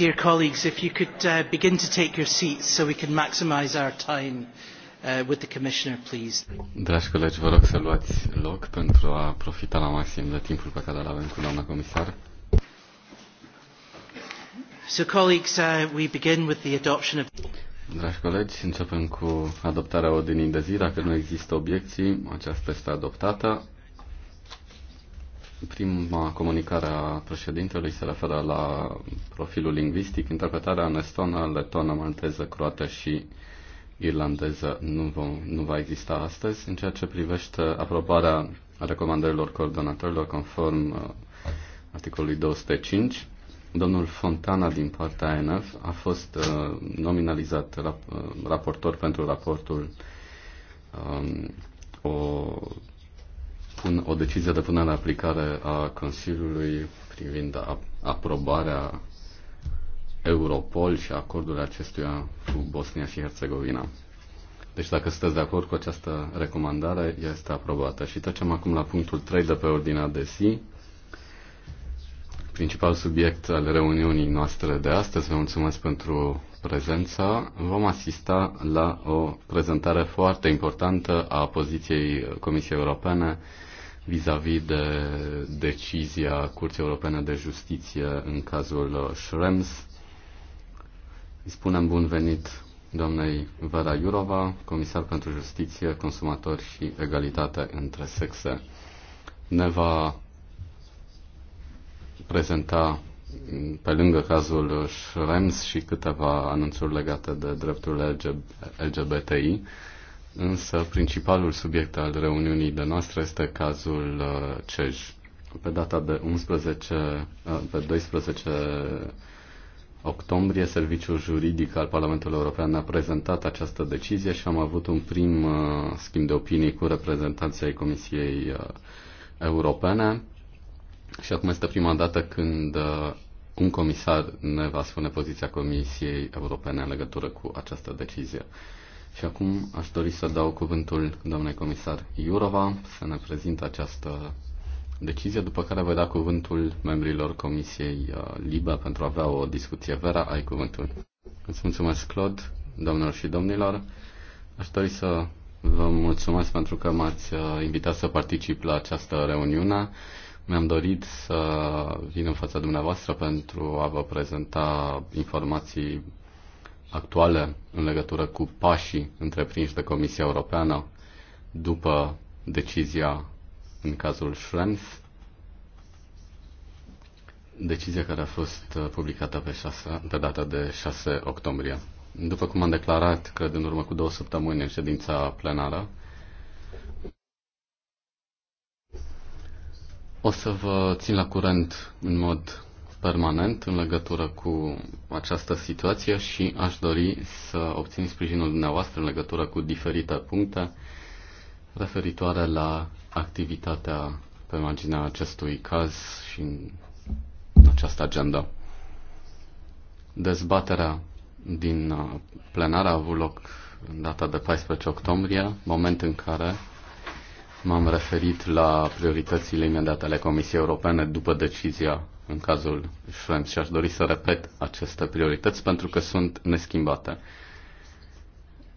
Dear colleagues, if you could uh, begin to take your seats so we can maximise our time uh, with the Commissioner, please. Dragi colegi, vă rog să luați loc pentru a profita la maxim de timpul pe care îl avem cu doamna comisar. So, colleagues, uh, we begin with the adoption of... Dragi colegi, începem cu adoptarea ordinii de zi. Dacă nu există obiecții, aceasta este adoptată. Prima comunicare a președintelui se referă la profilul lingvistic. Interpretarea în estonă, letonă, malteză, croată și irlandeză nu, vom, nu va exista astăzi. În ceea ce privește aprobarea recomandărilor coordonatorilor conform uh, articolului 205, domnul Fontana din partea ANF a fost uh, nominalizat rap- uh, raportor pentru raportul um, o pun, o decizie de punere în aplicare a Consiliului privind aprobarea Europol și acordul acestuia cu Bosnia și Herțegovina. Deci dacă sunteți de acord cu această recomandare, este aprobată. Și trecem acum la punctul 3 de pe ordinea de zi. Principal subiect al reuniunii noastre de astăzi, vă mulțumesc pentru prezența. Vom asista la o prezentare foarte importantă a poziției Comisiei Europene vis-a-vis -vis de decizia Curții Europene de Justiție în cazul uh, Schrems. Îi spunem bun venit doamnei Vera Iurova, comisar pentru justiție, consumatori și egalitate între sexe. Ne va prezenta pe lângă cazul uh, Schrems și câteva anunțuri legate de drepturile LGBTI însă principalul subiect al reuniunii de noastră este cazul uh, CEJ. Pe data de 11, uh, pe 12 octombrie, Serviciul Juridic al Parlamentului European a prezentat această decizie și am avut un prim uh, schimb de opinii cu reprezentanții ai Comisiei Europene. Și acum este prima dată când un comisar ne va spune poziția Comisiei Europene în legătură cu această decizie. Și acum aș dori să dau cuvântul doamnei comisar Iurova să ne prezintă această decizie, după care voi da cuvântul membrilor Comisiei uh, Liba pentru a avea o discuție. Vera, ai cuvântul. Îți mulțumesc, Claude, domnilor și domnilor. Aș dori să vă mulțumesc pentru că m-ați uh, invitat să particip la această reuniune. Mi-am dorit să vin în fața dumneavoastră pentru a vă prezenta informații actuale în legătură cu pașii întreprinși de Comisia Europeană după decizia în cazul Schlenf, decizia care a fost uh, publicată pe, 6, pe data de 6 octombrie. După cum am declarat, cred, în urmă cu două săptămâni în ședința plenară, o să vă țin la curent în mod permanent în legătură cu această situație și aș dori să obțin sprijinul dumneavoastră în legătură cu diferite puncte referitoare la activitatea pe marginea acestui caz și în această agenda. Dezbaterea din plenară a avut loc în data de 14 octombrie, moment în care m-am referit la prioritățile imediate ale Comisiei Europene după decizia în cazul Schrems și aș dori să repet aceste priorități pentru că sunt neschimbate.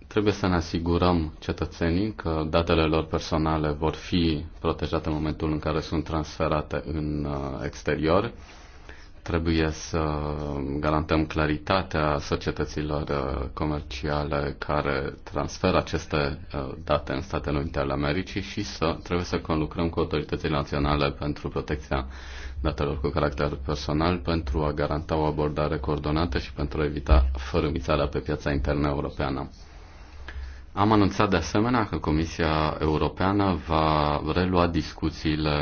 Trebuie să ne asigurăm cetățenii că datele lor personale vor fi protejate în momentul în care sunt transferate în uh, exterior. Trebuie să garantăm claritatea societăților uh, comerciale care transferă aceste uh, date în Statele Unite ale Americii și să, trebuie să conlucrăm cu autoritățile naționale pentru protecția datelor cu caracter personal pentru a garanta o abordare coordonată și pentru a evita fărâmițarea pe piața internă europeană. Am anunțat de asemenea că Comisia Europeană va relua discuțiile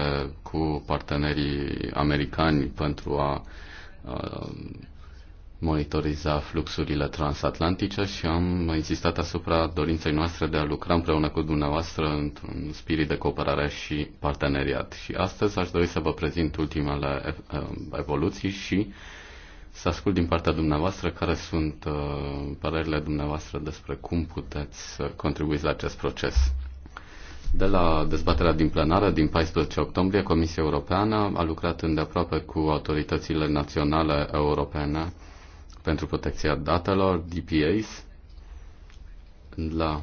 cu partenerii americani pentru a monitoriza fluxurile transatlantice și am insistat asupra dorinței noastre de a lucra împreună cu dumneavoastră într-un spirit de cooperare și parteneriat. Și astăzi aș dori să vă prezint ultimele eh, evoluții și să ascult din partea dumneavoastră care sunt eh, părerile dumneavoastră despre cum puteți să contribuiți la acest proces. De la dezbaterea din plenară din 14 octombrie, Comisia Europeană a lucrat îndeaproape cu autoritățile naționale europene pentru protecția datelor, DPAs, la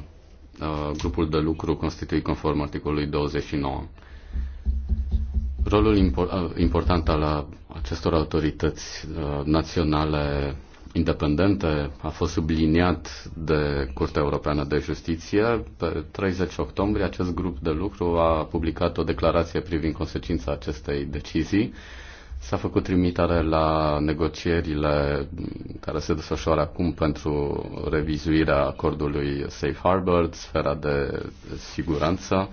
uh, grupul de lucru constituit conform articolului 29. Rolul impor- uh, important al acestor autorități uh, naționale independente a fost subliniat de Curtea Europeană de Justiție. Pe 30 octombrie acest grup de lucru a publicat o declarație privind consecința acestei decizii. Uh, S-a făcut trimitere la negocierile care se desfășoară acum pentru revizuirea acordului Safe Harbor, sfera de siguranță,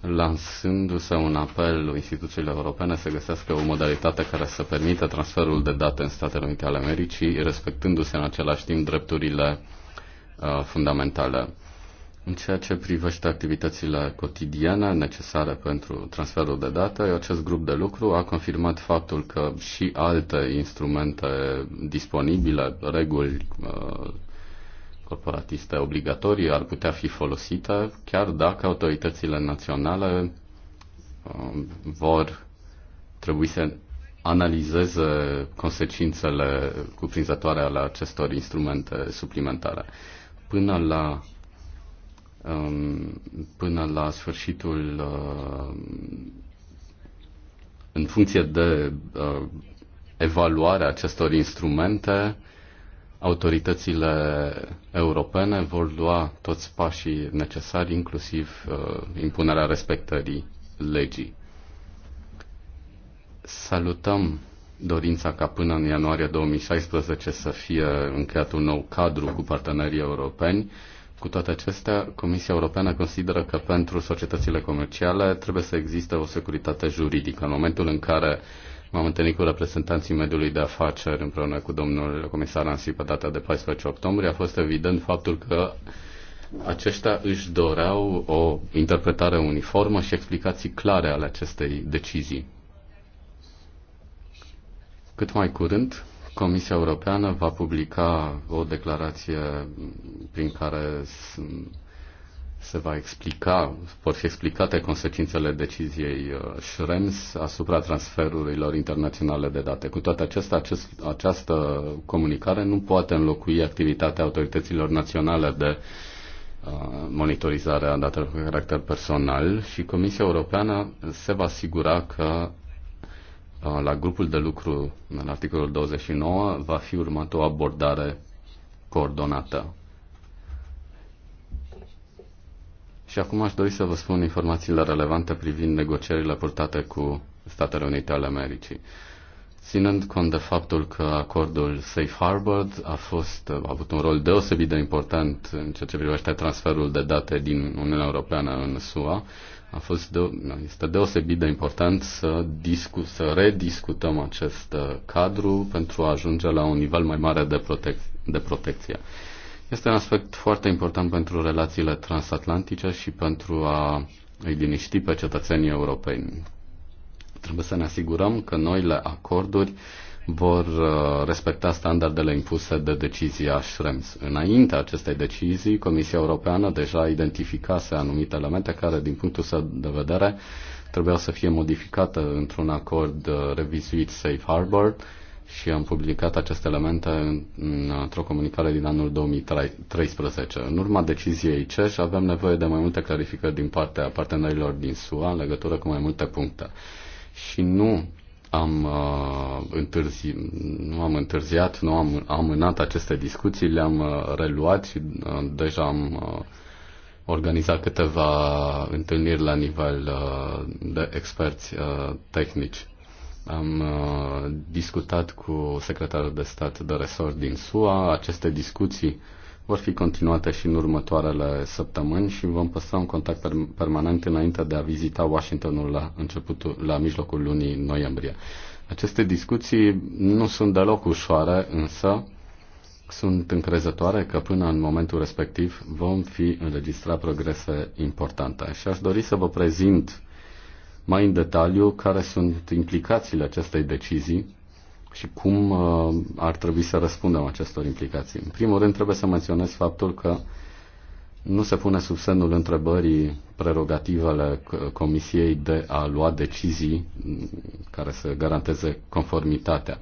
lansându-se un apel instituțiilor europene să găsească o modalitate care să permită transferul de date în Statele Unite ale Americii, respectându-se în același timp drepturile uh, fundamentale. În ceea ce privește activitățile cotidiene necesare pentru transferul de date, acest grup de lucru a confirmat faptul că și alte instrumente disponibile, reguli uh, corporatiste obligatorii ar putea fi folosite, chiar dacă autoritățile naționale uh, vor trebui să analizeze consecințele cuprinzătoare ale acestor instrumente suplimentare. Până la Um, până la sfârșitul uh, în funcție de uh, evaluarea acestor instrumente, autoritățile europene vor lua toți pașii necesari, inclusiv uh, impunerea respectării legii. Salutăm dorința ca până în ianuarie 2016 să fie încheiat un nou cadru cu partenerii europeni cu toate acestea, Comisia Europeană consideră că pentru societățile comerciale trebuie să existe o securitate juridică. În momentul în care m-am întâlnit cu reprezentanții mediului de afaceri împreună cu domnul comisar Ansip pe data de 14 octombrie, a fost evident faptul că aceștia își doreau o interpretare uniformă și explicații clare ale acestei decizii. Cât mai curând, Comisia Europeană va publica o declarație prin care se va explica, vor fi explicate consecințele deciziei uh, Schrems asupra transferurilor internaționale de date. Cu toate acestea, acest, această comunicare nu poate înlocui activitatea autorităților naționale de uh, monitorizare a datelor cu caracter personal și Comisia Europeană se va asigura că Uh, la grupul de lucru în articolul 29 va fi urmată o abordare coordonată. Și acum aș dori să vă spun informațiile relevante privind negocierile purtate cu Statele Unite ale Americii. Ținând cont de faptul că acordul Safe Harbor a, fost, a avut un rol deosebit de important în ceea ce privește transferul de date din Uniunea Europeană în SUA, a fost de, da, este deosebit de important să, discu- să rediscutăm acest uh, cadru pentru a ajunge la un nivel mai mare de, protec- de protecție. Este un aspect foarte important pentru relațiile transatlantice și pentru a îi liniști pe cetățenii europeni. Trebuie să ne asigurăm că noile acorduri uh, vor uh, respecta standardele impuse de decizia Schrems. Înainte acestei decizii, Comisia Europeană deja identificase anumite elemente care, din punctul său de vedere, trebuiau să fie modificate într-un acord uh, revizuit Safe Harbor și am publicat aceste elemente într-o comunicare din anul 2013. În urma deciziei CEJ avem nevoie de mai multe clarificări din partea partenerilor din SUA în legătură cu mai multe puncte. Și nu am uh, întârzi, nu am întârziat, nu am amânat aceste discuții, le-am uh, reluat și uh, deja am uh, organizat câteva întâlniri la nivel uh, de experți uh, tehnici. Am uh, discutat cu secretarul de stat de resort din SUA aceste discuții uh, vor fi continuate și în următoarele săptămâni și vom păstra un contact permanent înainte de a vizita Washingtonul la, începutul, la mijlocul lunii noiembrie. Aceste discuții nu sunt deloc ușoare, însă sunt încrezătoare că până în momentul respectiv vom fi înregistrat progrese importante. Și aș dori să vă prezint mai în detaliu care sunt implicațiile acestei decizii și cum uh, ar trebui să răspundem acestor implicații. În primul rând, trebuie să menționez faptul că nu se pune sub semnul întrebării prerogativele Comisiei de a lua decizii care să garanteze conformitatea.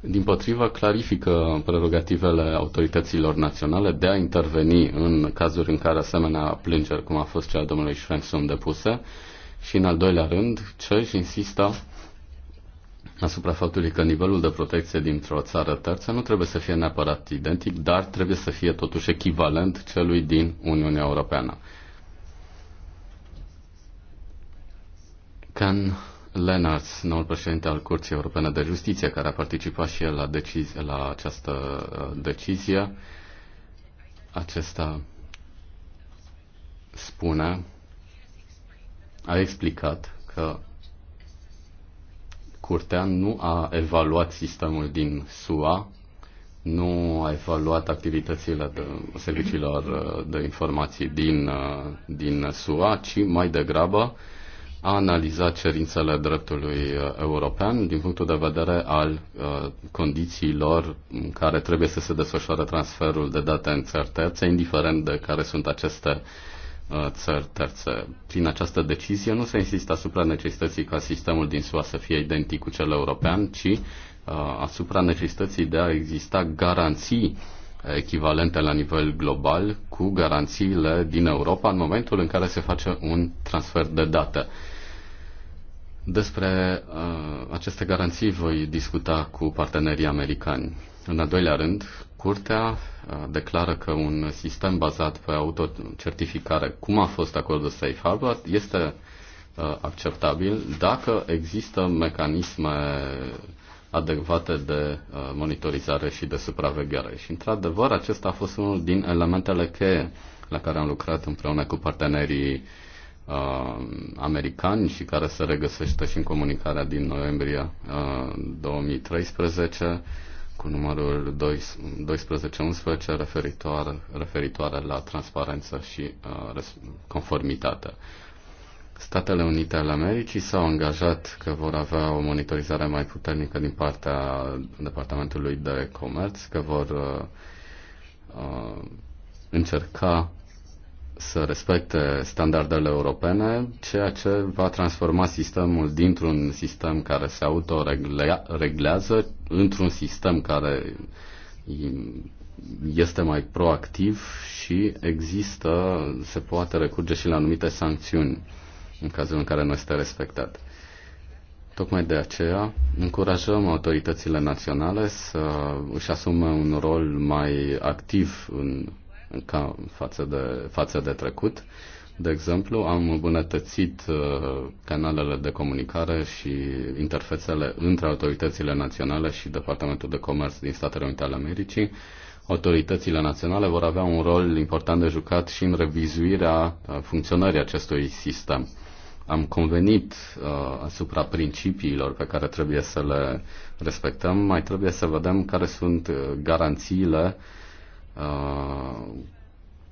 Din potrivă, clarifică prerogativele autorităților naționale de a interveni în cazuri în care asemenea plângeri, cum a fost cea a domnului sunt depuse, și în al doilea rând, își insistă asupra faptului că nivelul de protecție dintr-o țară terță nu trebuie să fie neapărat identic, dar trebuie să fie totuși echivalent celui din Uniunea Europeană. Can Lennart, noul președinte al Curții Europene de Justiție, care a participat și el la, decizi- la această uh, decizie, acesta spune, a explicat că Curtea nu a evaluat sistemul din SUA, nu a evaluat activitățile de serviciilor uh, de informații din, uh, din SUA, ci mai degrabă a analizat cerințele dreptului uh, european din punctul de vedere al uh, condițiilor în care trebuie să se desfășoare transferul de date în țări terțe, indiferent de care sunt aceste uh, Uh, țări terțe. Prin această decizie nu se insistă asupra necesității ca sistemul din SUA să fie identic cu cel european, ci uh, asupra necesității de a exista garanții echivalente la nivel global cu garanțiile din Europa în momentul în care se face un transfer de date. Despre uh, aceste garanții voi discuta cu partenerii americani. În al doilea rând, Curtea uh, declară că un sistem bazat pe autocertificare, cum a fost acordul Safe Harbor, este uh, acceptabil dacă există mecanisme adecvate de uh, monitorizare și de supraveghere. Și, într-adevăr, acesta a fost unul din elementele cheie la care am lucrat împreună cu partenerii uh, americani și care se regăsește și în comunicarea din noiembrie uh, 2013 cu numărul 1211 referitoare, referitoare la transparență și uh, conformitate. Statele Unite ale Americii s-au angajat că vor avea o monitorizare mai puternică din partea Departamentului de Comerț, că vor uh, uh încerca să respecte standardele europene, ceea ce va transforma sistemul dintr-un sistem care se autoreglează într-un sistem care este mai proactiv și există, se poate recurge și la anumite sancțiuni în cazul în care nu este respectat. Tocmai de aceea încurajăm autoritățile naționale să își asume un rol mai activ în ca față de, față de trecut. De exemplu, am îmbunătățit uh, canalele de comunicare și interfețele între autoritățile naționale și Departamentul de Comerț din Statele Unite ale Americii. Autoritățile naționale vor avea un rol important de jucat și în revizuirea uh, funcționării acestui sistem. Am convenit uh, asupra principiilor pe care trebuie să le respectăm, mai trebuie să vedem care sunt uh, garanțiile uh, Uh,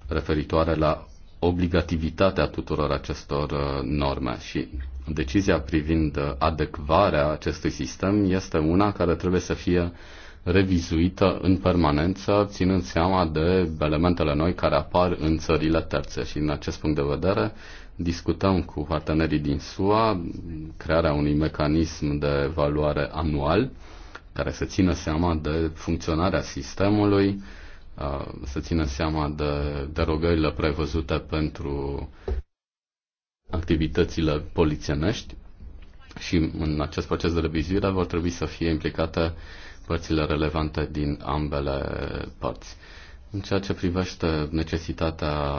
referitoare la obligativitatea tuturor acestor uh, norme și decizia privind uh, adecvarea acestui sistem este una care trebuie să fie revizuită în permanență, ținând seama de elementele noi care apar în țările terțe. Și în acest punct de vedere, discutăm cu partenerii din SUA crearea unui mecanism de evaluare anual care să țină seama de funcționarea sistemului, să țină seama de derogările prevăzute pentru activitățile polițienești și în acest proces de revizuire vor trebui să fie implicate părțile relevante din ambele părți. În ceea ce privește necesitatea,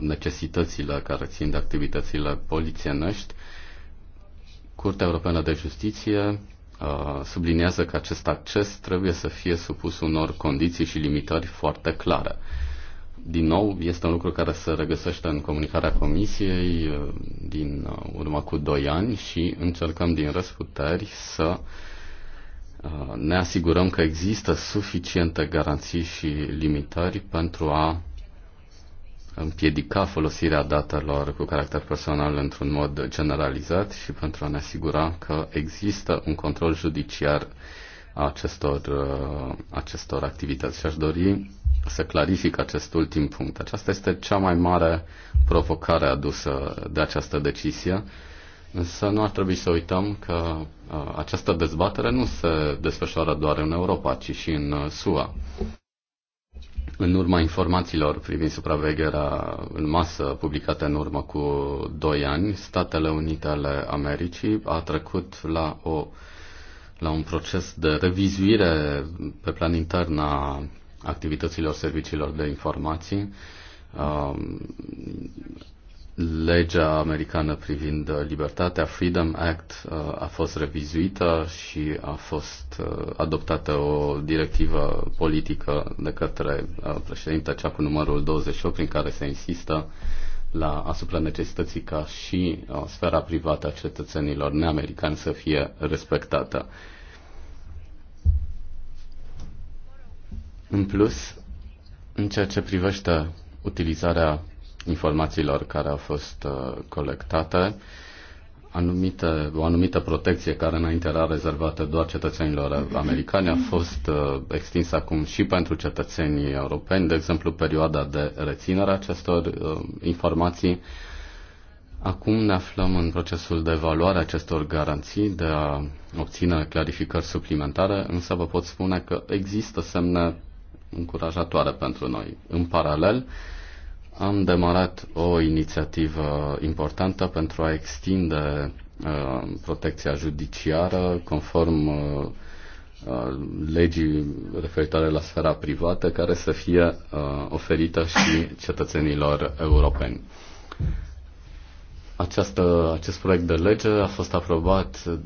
necesitățile care țin de activitățile polițienești, Curtea Europeană de Justiție Uh, subliniază că acest acces trebuie să fie supus unor condiții și limitări foarte clare. Din nou, este un lucru care se regăsește în comunicarea Comisiei uh, din uh, urmă cu 2 ani și încercăm din răsputeri să ne asigurăm că există suficiente garanții și limitări pentru a împiedica folosirea datelor cu caracter personal într-un mod generalizat și pentru a ne asigura că există un control judiciar a acestor, uh, acestor activități. Și aș dori să clarific acest ultim punct. Aceasta este cea mai mare provocare adusă de această decizie, însă nu ar trebui să uităm că uh, această dezbatere nu se desfășoară doar în Europa, ci și în uh, SUA. În urma informațiilor privind supravegherea în masă publicată în urmă cu 2 ani, Statele Unite ale Americii a trecut la, o, la un proces de revizuire pe plan intern a activităților serviciilor de informații. Um, legea americană privind uh, libertatea, Freedom Act, uh, a fost revizuită și a fost uh, adoptată o directivă politică de către președinte, cea cu numărul 28, prin care se insistă la, asupra necesității ca și sfera privată a cetățenilor neamericani să fie respectată. În plus, în ceea ce privește utilizarea informațiilor care au fost uh, colectate, anumite, o anumită protecție care înainte era rezervată doar cetățenilor americani a fost uh, extinsă acum și pentru cetățenii europeni, de exemplu perioada de reținere a acestor uh, informații. Acum ne aflăm în procesul de evaluare a acestor garanții, de a obține clarificări suplimentare, însă vă pot spune că există semne încurajatoare pentru noi. În paralel, am demarat o inițiativă importantă pentru a extinde uh, protecția judiciară conform uh, uh, legii referitoare la sfera privată care să fie uh, oferită și cetățenilor europeni. Această, acest proiect de lege a fost aprobat uh,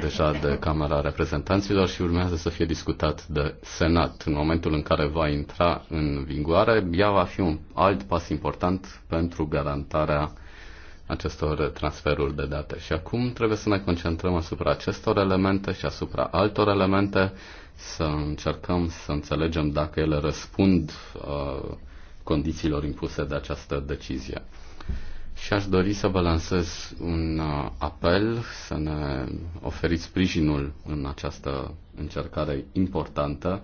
deja de Camera Reprezentanților și urmează să fie discutat de Senat. În momentul în care va intra în vigoare, ea va fi un alt pas important pentru garantarea acestor transferuri de date. Și acum trebuie să ne concentrăm asupra acestor elemente și asupra altor elemente, să încercăm să înțelegem dacă ele răspund uh, condițiilor impuse de această decizie și aș dori să vă lansez un uh, apel să ne oferiți sprijinul în această încercare importantă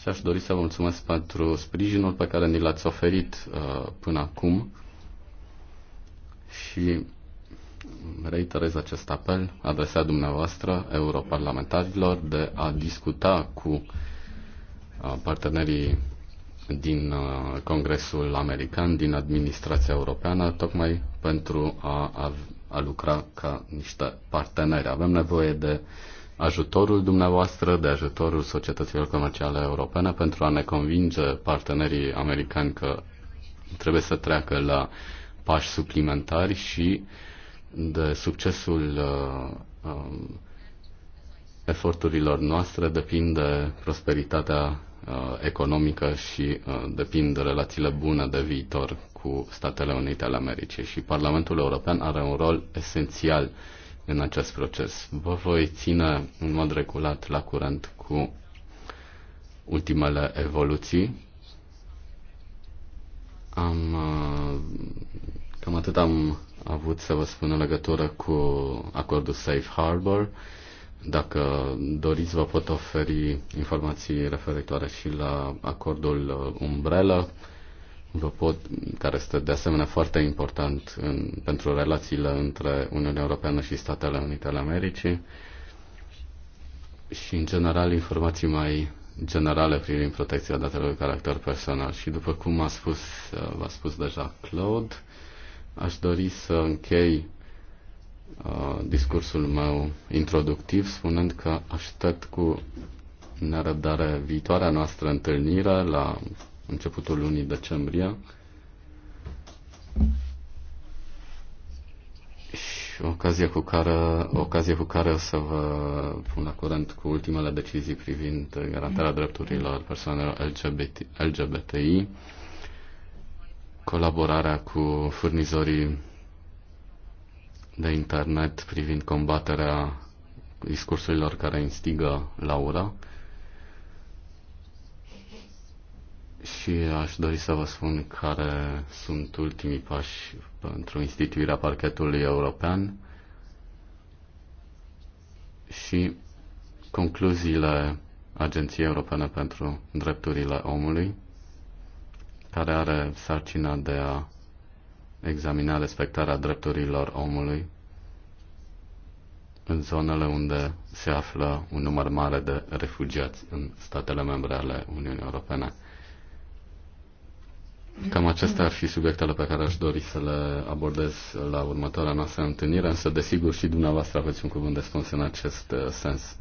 și aș dori să vă mulțumesc pentru sprijinul pe care ni l-ați oferit uh, până acum și reiterez acest apel adresat dumneavoastră europarlamentarilor de a discuta cu uh, partenerii din uh, Congresul American, din administrația europeană, tocmai pentru a, a, a lucra ca niște parteneri. Avem nevoie de ajutorul dumneavoastră, de ajutorul societăților comerciale europene pentru a ne convinge partenerii americani că trebuie să treacă la pași suplimentari și de succesul uh, uh, eforturilor noastre depinde prosperitatea Uh, economică și uh, depind relațiile bune de viitor cu Statele Unite ale Americii și Parlamentul European are un rol esențial în acest proces. Vă voi ține în mod regulat la curent cu ultimele evoluții. Am, uh, cam atât am avut să vă spun în legătură cu acordul Safe Harbor. Dacă doriți, vă pot oferi informații referitoare și la acordul uh, umbrelă, vă pot, care este de asemenea foarte important în, pentru relațiile între Uniunea Europeană și Statele Unite ale Americii și, în general, informații mai generale privind protecția datelor de caracter personal. Și după cum a spus, uh, v-a spus deja Claude, aș dori să închei Uh, discursul meu introductiv spunând că aștept cu nerăbdare viitoarea noastră întâlnire la începutul lunii decembrie și ocazie cu care, ocazie cu care o să vă pun la curent cu ultimele decizii privind garantarea drepturilor persoanelor LGBT, LGBTI, colaborarea cu furnizorii de internet privind combaterea discursurilor care instigă la ură. Și aș dori să vă spun care sunt ultimii pași pentru instituirea parchetului european și concluziile Agenției Europene pentru Drepturile Omului, care are sarcina de a examina respectarea drepturilor omului în zonele unde se află un număr mare de refugiați în statele membre ale Uniunii Europene. Cam acestea ar fi subiectele pe care aș dori să le abordez la următoarea noastră întâlnire, însă desigur și dumneavoastră aveți un cuvânt de spus în acest uh, sens.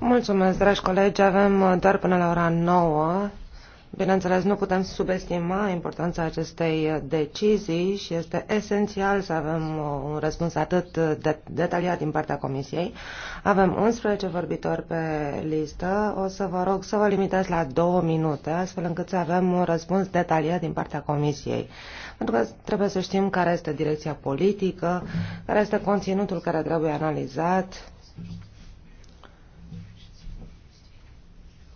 Mulțumesc, dragi colegi, avem uh, doar până la ora 9 Bineînțeles, nu putem subestima importanța acestei decizii și este esențial să avem uh, un răspuns atât de detaliat din partea Comisiei. Avem 11 vorbitori pe listă. O să vă rog să vă limitați la două minute, astfel încât să avem un răspuns detaliat din partea Comisiei. Pentru că trebuie să știm care este direcția politică, care este conținutul care trebuie analizat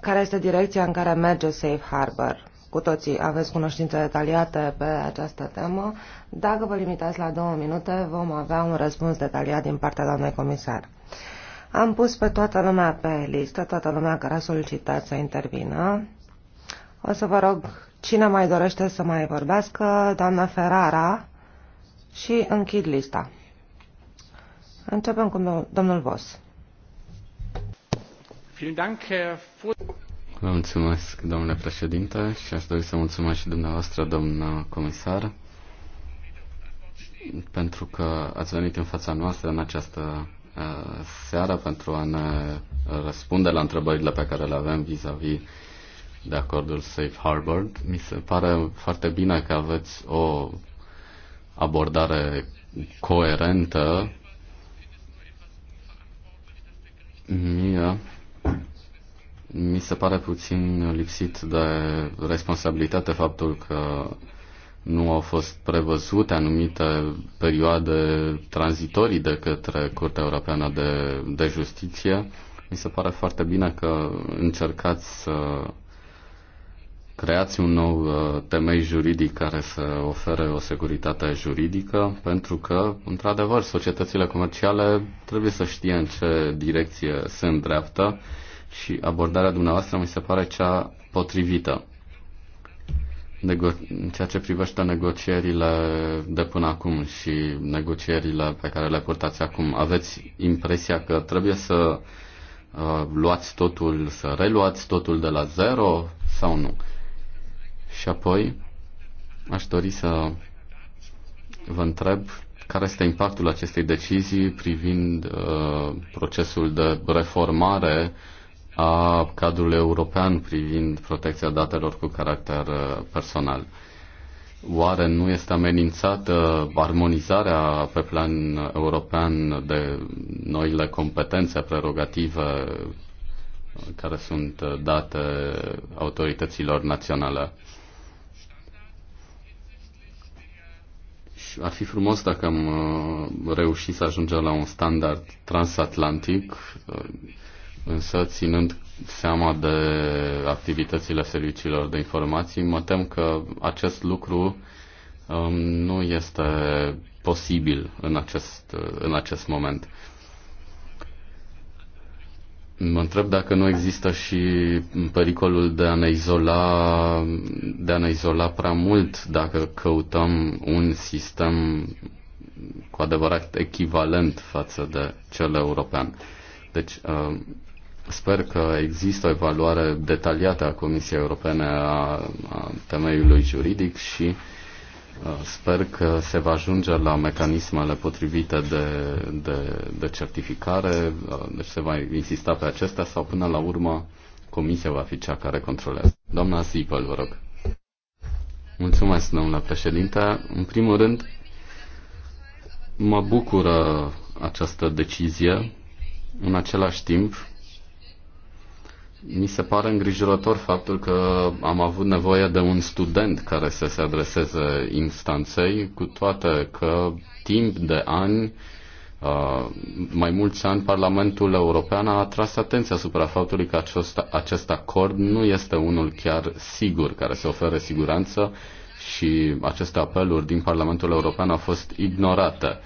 care este direcția în care merge Safe Harbor. Cu toții aveți cunoștințe detaliate pe această temă. Dacă vă limitați la două minute, vom avea un răspuns detaliat din partea doamnei comisar. Am pus pe toată lumea pe listă, toată lumea care a solicitat să intervină. O să vă rog cine mai dorește să mai vorbească, doamna Ferrara, și închid lista. Începem cu domnul Vos. Vă mulțumesc, domnule președinte, și aș dori să mulțumesc și dumneavoastră, domnă comisar, pentru că ați venit în fața noastră în această uh, seară pentru a ne răspunde la întrebările pe care le avem vis-a-vis -vis de acordul Safe Harbor. Mi se pare foarte bine că aveți o abordare coerentă. Mie mi se pare puțin lipsit de responsabilitate faptul că nu au fost prevăzute anumite perioade tranzitorii de către Curtea Europeană de, de Justiție. Mi se pare foarte bine că încercați să creați un nou uh, temei juridic care să ofere o securitate juridică, pentru că, într-adevăr, societățile comerciale trebuie să știe în ce direcție se îndreaptă și abordarea dumneavoastră mi se pare cea potrivită. Nego- în ceea ce privește negocierile de până acum și negocierile pe care le purtați acum, aveți impresia că trebuie să uh, luați totul, să reluați totul de la zero sau nu? Și apoi aș dori să vă întreb care este impactul acestei decizii privind uh, procesul de reformare uh, a cadrului european privind protecția datelor cu caracter uh, personal. Oare nu este amenințată armonizarea pe plan european de noile competențe, prerogative care sunt uh, date autorităților naționale? ar fi frumos dacă am uh, reușit să ajungem la un standard transatlantic Însă, ținând seama de activitățile serviciilor de informații, mă tem că acest lucru um, nu este posibil în acest, în acest moment. Mă întreb dacă nu există și pericolul de a ne izola, de a ne izola prea mult dacă căutăm un sistem cu adevărat echivalent față de cel european. Deci, uh, Sper că există o evaluare detaliată a Comisiei Europene a, a temeiului juridic și sper că se va ajunge la mecanismele potrivite de, de, de certificare, deci se va insista pe acestea sau până la urmă Comisia va fi cea care controlează. Doamna Zipăl, vă rog. Mulțumesc, domnule președinte. În primul rând, mă bucură această decizie. În același timp, mi se pare îngrijorător faptul că am avut nevoie de un student care să se adreseze instanței, cu toate că timp de ani, mai mulți ani, Parlamentul European a atras atenția asupra faptului că acest, acest acord nu este unul chiar sigur, care se oferă siguranță și aceste apeluri din Parlamentul European au fost ignorate.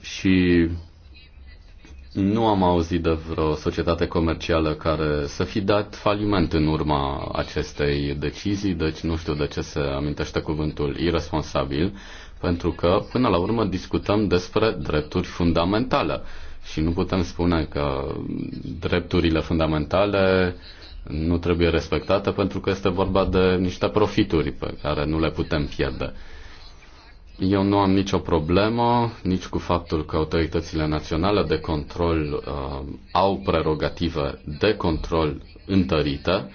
Și nu am auzit de vreo societate comercială care să fi dat faliment în urma acestei decizii, deci nu știu de ce se amintește cuvântul irresponsabil, pentru că până la urmă discutăm despre drepturi fundamentale și nu putem spune că drepturile fundamentale nu trebuie respectate pentru că este vorba de niște profituri pe care nu le putem pierde. Eu nu am nicio problemă nici cu faptul că autoritățile naționale de control uh, au prerogative de control întărite,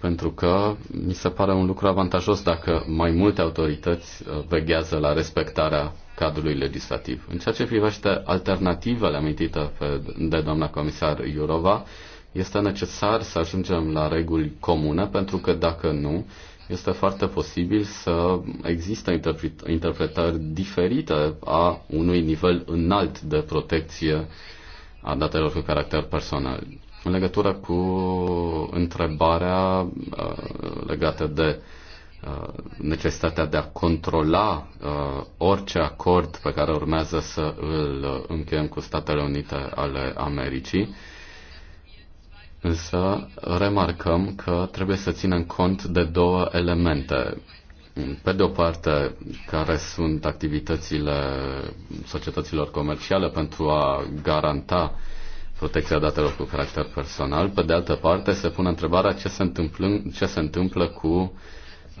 pentru că mi se pare un lucru avantajos dacă mai multe autorități uh, veghează la respectarea cadrului legislativ. În ceea ce privește alternativele amintite de doamna comisar Iurova, este necesar să ajungem la reguli comune, pentru că dacă nu, uh, este foarte posibil să există interpretări diferite a unui nivel înalt de protecție a datelor cu caracter personal. În legătură cu întrebarea uh, legată de uh, necesitatea de a controla uh, orice acord pe care urmează să îl încheiem cu Statele Unite ale Americii, Însă remarcăm că trebuie să ținem cont de două elemente. Pe de o parte, care sunt activitățile societăților comerciale pentru a garanta protecția datelor cu caracter personal. Pe de altă parte, se pune întrebarea ce se întâmplă, ce se întâmplă cu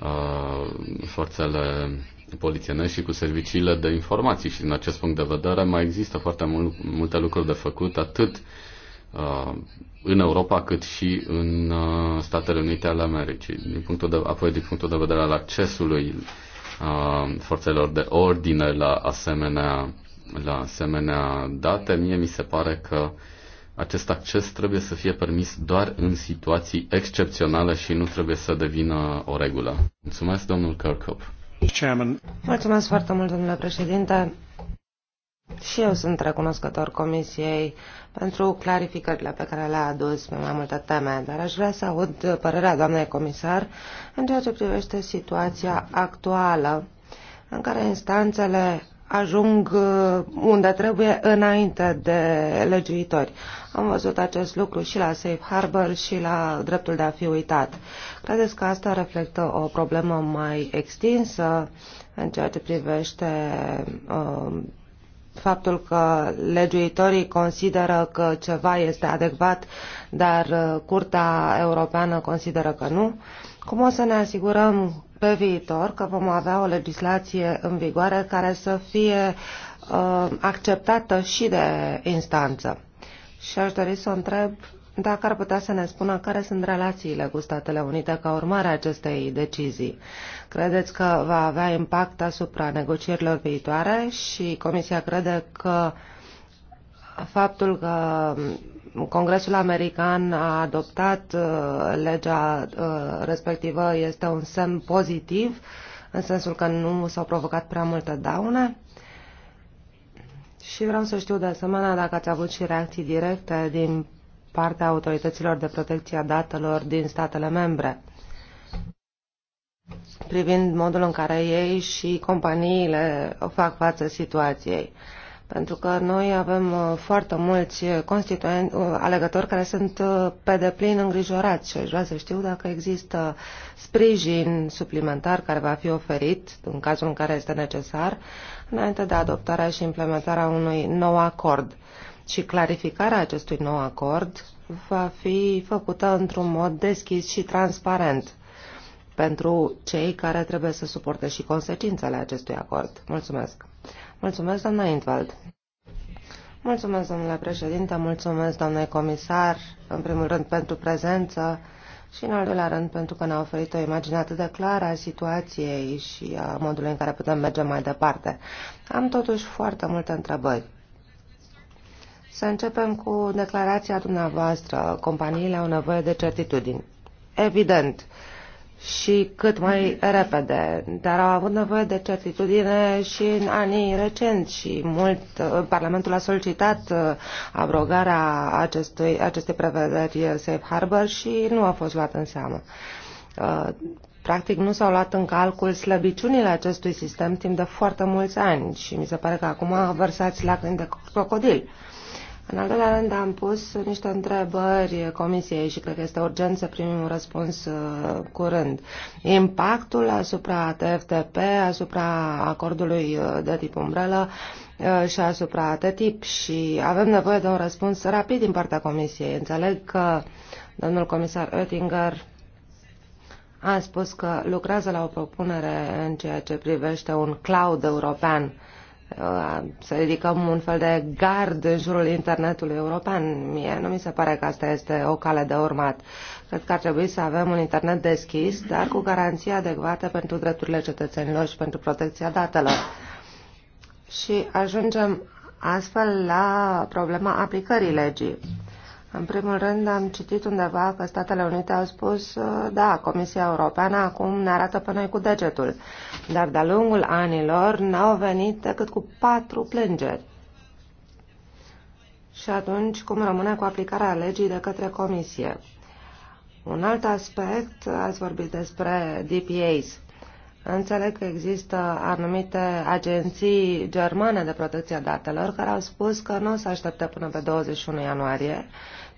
uh, forțele polițienești și cu serviciile de informații. Și din acest punct de vedere mai există foarte mul- multe lucruri de făcut, atât uh, Uh, în Europa cât și în uh, Statele Unite ale Americii. Din punctul de, apoi, din punctul de vedere al accesului uh, forțelor de ordine la asemenea, la asemenea date, mie mi se pare că acest acces trebuie să fie permis doar în situații excepționale și nu trebuie să devină o regulă. Mulțumesc, domnul Kirkhope. Mulțumesc foarte mult, domnule președinte. Și eu sunt recunoscător Comisiei pentru clarificările pe care le-a adus pe mai multe teme, dar aș vrea să aud părerea doamnei comisar în ceea ce privește situația actuală în care instanțele ajung uh, unde trebuie înainte de legiuitori. Am văzut acest lucru și la Safe Harbor și la dreptul de a fi uitat. Credeți că asta reflectă o problemă mai extinsă în ceea ce privește uh, faptul că legiuitorii consideră că ceva este adecvat, dar uh, Curtea Europeană consideră că nu? Cum o să ne asigurăm pe viitor că vom avea o legislație în vigoare care să fie uh, acceptată și de instanță? Și aș dori să o întreb dacă ar putea să ne spună care sunt relațiile cu Statele Unite ca urmare a acestei decizii. Credeți că va avea impact asupra negocierilor viitoare și Comisia crede că faptul că Congresul American a adoptat uh, legea uh, respectivă este un semn pozitiv, în sensul că nu s-au provocat prea multe daune? Și vreau să știu de asemenea dacă ați avut și reacții directe din partea autorităților de protecție a datelor din statele membre privind modul în care ei și companiile fac față situației. Pentru că noi avem uh, foarte mulți constituenți, uh, alegători care sunt uh, pe deplin îngrijorați și aș vrea să știu dacă există sprijin suplimentar care va fi oferit în cazul în care este necesar înainte de adoptarea și implementarea unui nou acord și clarificarea acestui nou acord va fi făcută într-un mod deschis și transparent pentru cei care trebuie să suporte și consecințele acestui acord. Mulțumesc. Mulțumesc, doamna Intvald. Mulțumesc, domnule președinte, mulțumesc, domnule comisar, în primul rând pentru prezență și, în al doilea rând, pentru că ne-a oferit o imagine atât de clară a situației și a modului în care putem merge mai departe. Am totuși foarte multe întrebări. Să începem cu declarația dumneavoastră. Companiile au nevoie de certitudini. Evident. Și cât mai repede. Dar au avut nevoie de certitudine și în anii recenți și mult. Parlamentul a solicitat uh, abrogarea acestui, acestei prevederi safe harbor și nu a fost luat în seamă uh, practic nu s-au luat în calcul slăbiciunile acestui sistem timp de foarte mulți ani și mi se pare că acum versați lacrimi de crocodil. În al doilea rând am pus niște întrebări Comisiei și cred că este urgent să primim un răspuns uh, curând. Impactul asupra TFTP, asupra acordului uh, de tip umbrelă uh, și asupra TTIP și avem nevoie de un răspuns rapid din partea Comisiei. Înțeleg că domnul comisar Oettinger a spus că lucrează la o propunere în ceea ce privește un cloud european Uh, să ridicăm un fel de gard în jurul internetului european. Mie nu mi se pare că asta este o cale de urmat. Cred că ar trebui să avem un internet deschis, dar cu garanții adecvate pentru drepturile cetățenilor și pentru protecția datelor. Și ajungem astfel la problema aplicării legii în primul rând, am citit undeva că Statele Unite au spus, uh, da, Comisia Europeană acum ne arată pe noi cu degetul, dar de-a lungul anilor n-au venit decât cu patru plângeri. Și atunci, cum rămâne cu aplicarea legii de către Comisie? Un alt aspect, ați vorbit despre DPAs. Înțeleg că există anumite agenții germane de protecție a datelor care au spus că nu o să aștepte până pe 21 ianuarie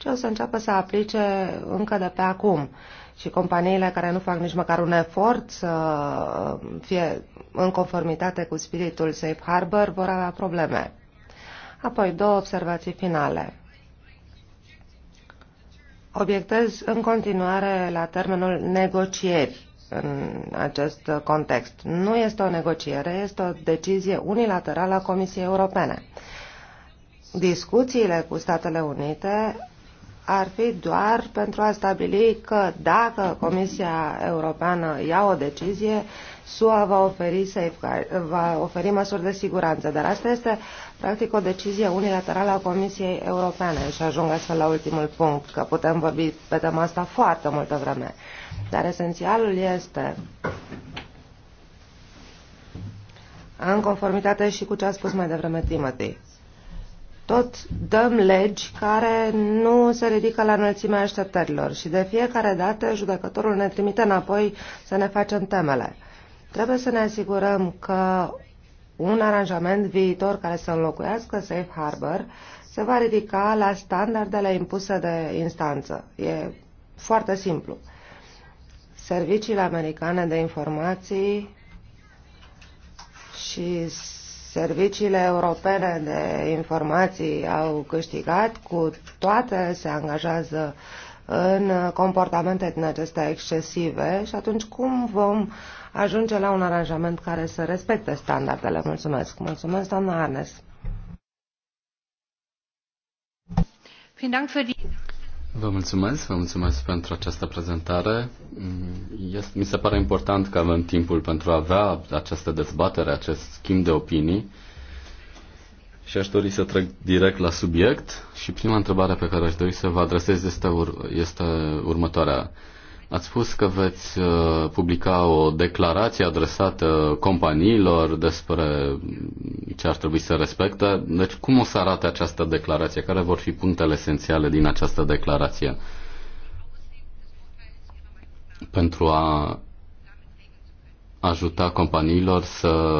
ce o să înceapă să aplice încă de pe acum. Și companiile care nu fac nici măcar un efort să fie în conformitate cu spiritul Safe Harbor vor avea probleme. Apoi două observații finale. Obiectez în continuare la termenul negocieri în acest context. Nu este o negociere, este o decizie unilaterală a Comisiei Europene. Discuțiile cu Statele Unite ar fi doar pentru a stabili că dacă Comisia Europeană ia o decizie, SUA va oferi, safeguard, va oferi măsuri de siguranță, dar asta este practic o decizie unilaterală a Comisiei Europene și ajung astfel la ultimul punct, că putem vorbi pe tema asta foarte multă vreme. Dar esențialul este, în conformitate și cu ce a spus mai devreme Timothy, tot dăm legi care nu se ridică la înălțimea așteptărilor și de fiecare dată judecătorul ne trimite înapoi să ne facem temele. Trebuie să ne asigurăm că un aranjament viitor care să înlocuiască Safe Harbor se va ridica la standardele impuse de instanță. E foarte simplu. Serviciile americane de informații și Serviciile europene de informații au câștigat, cu toate se angajează în comportamente din acestea excesive și atunci cum vom ajunge la un aranjament care să respecte standardele? Mulțumesc! Mulțumesc, doamna Arnes! Vă mulțumesc, vă mulțumesc pentru această prezentare. Mm, este, mi se pare important că avem timpul pentru a avea această dezbatere, acest schimb de opinii. Și aș dori să trec direct la subiect și prima întrebare pe care aș dori să vă adresez este, ur- este următoarea. Ați spus că veți uh, publica o declarație adresată companiilor despre ce ar trebui să respecte. Deci cum o să arate această declarație? Care vor fi punctele esențiale din această declarație? Pentru a ajuta companiilor să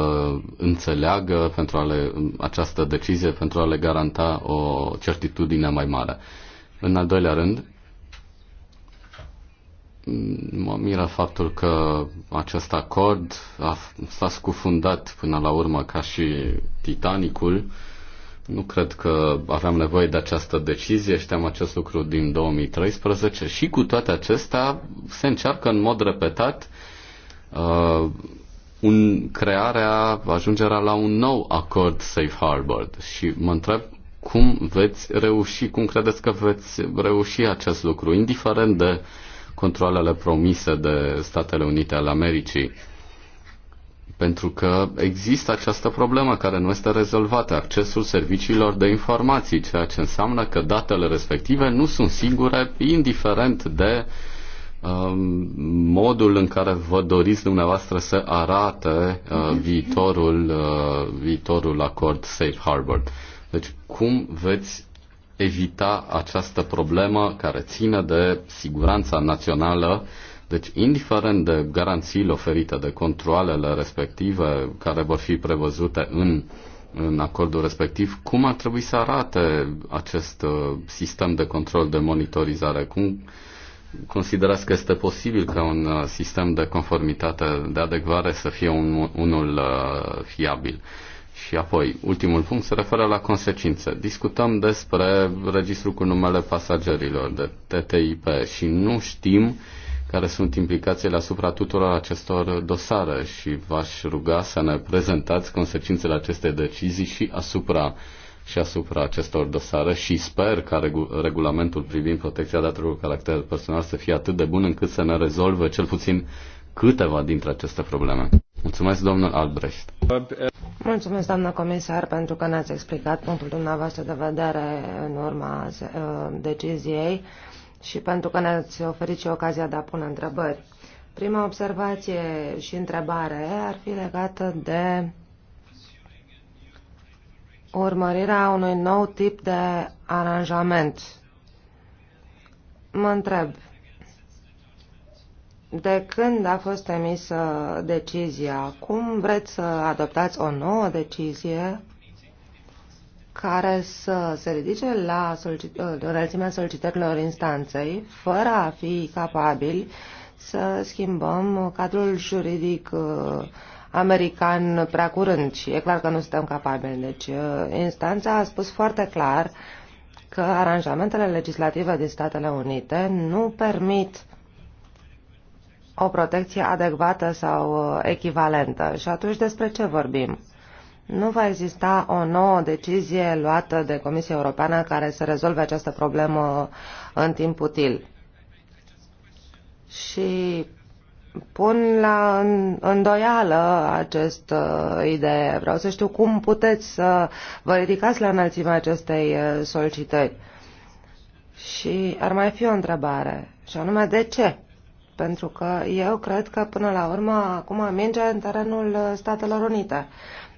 înțeleagă pentru a le, această decizie, pentru a le garanta o certitudine mai mare. În al doilea rând, Mă miră faptul că acest acord a, s-a scufundat până la urmă ca și Titanicul. Nu cred că aveam nevoie de această decizie, știam acest lucru din 2013 și cu toate acestea se încearcă în mod repetat uh, un, crearea, ajungerea la un nou acord safe harbor și mă întreb cum veți reuși, cum credeți că veți reuși acest lucru, indiferent de uh, controlele promise de Statele Unite ale Americii. Pentru că există această problemă care nu este rezolvată, accesul serviciilor de informații, ceea ce înseamnă că datele respective nu sunt singure, indiferent de um, modul în care vă doriți dumneavoastră să arate uh, viitorul, uh, viitorul acord Safe Harbor. Deci cum veți evita această problemă care ține de siguranța națională. Deci, indiferent de garanțiile oferite de controlele respective care vor fi prevăzute în, în acordul respectiv, cum ar trebui să arate acest uh, sistem de control, de monitorizare? Cum considerați că este posibil ca un uh, sistem de conformitate, de adecvare să fie un, unul uh, fiabil? Și apoi, ultimul punct se referă la consecințe. Discutăm despre registrul cu numele pasagerilor de TTIP și nu știm care sunt implicațiile asupra tuturor acestor dosare și v-aș ruga să ne prezentați consecințele acestei decizii și asupra și asupra acestor dosare și sper ca regu- regulamentul privind protecția datelor cu caracter personal să fie atât de bun încât să ne rezolve cel puțin câteva dintre aceste probleme. Mulțumesc, domnul Albrecht. Mulțumesc, doamnă comisar, pentru că ne-ați explicat punctul dumneavoastră de vedere în urma uh, deciziei și pentru că ne-ați oferit și ocazia de a pune întrebări. Prima observație și întrebare ar fi legată de urmărirea unui nou tip de aranjament. Mă întreb, de când a fost emisă decizia, cum vreți să adoptați o nouă decizie care să se ridice la solicit uh, solicitărilor instanței, fără a fi capabili să schimbăm cadrul juridic uh, american prea curând și e clar că nu suntem capabili. Deci uh, instanța a spus foarte clar că aranjamentele legislative din Statele Unite nu permit o protecție adecvată sau uh, echivalentă. Și atunci despre ce vorbim? Nu va exista o nouă decizie luată de Comisia Europeană care să rezolve această problemă uh, în timp util. Și pun la îndoială acest uh, idee. Vreau să știu cum puteți să vă ridicați la înălțimea acestei uh, solicitări. Și ar mai fi o întrebare, și anume de ce? pentru că eu cred că până la urmă acum minge în terenul Statelor Unite.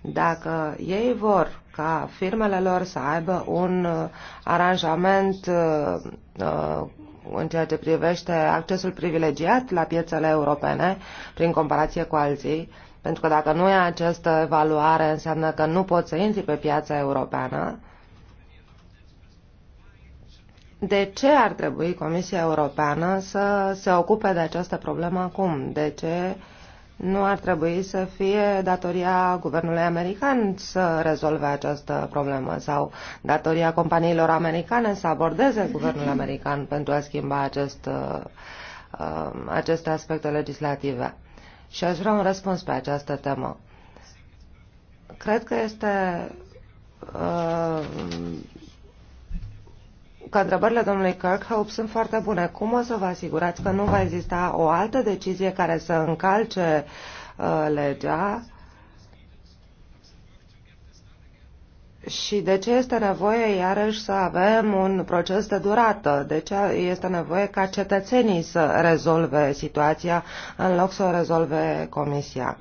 Dacă ei vor ca firmele lor să aibă un uh, aranjament uh, uh, în ceea ce privește accesul privilegiat la piețele europene, prin comparație cu alții, pentru că dacă nu e această evaluare, înseamnă că nu poți să intri pe piața europeană, de ce ar trebui Comisia Europeană să se ocupe de această problemă acum? De ce nu ar trebui să fie datoria guvernului american să rezolve această problemă sau datoria companiilor americane să abordeze guvernul american pentru a schimba acest, uh, aceste aspecte legislative? Și aș vrea un răspuns pe această temă. Cred că este uh, că întrebările domnului Kirkhope sunt foarte bune. Cum o să vă asigurați că nu va exista o altă decizie care să încalce uh, legea? Și de ce este nevoie iarăși să avem un proces de durată? De ce este nevoie ca cetățenii să rezolve situația în loc să o rezolve Comisia?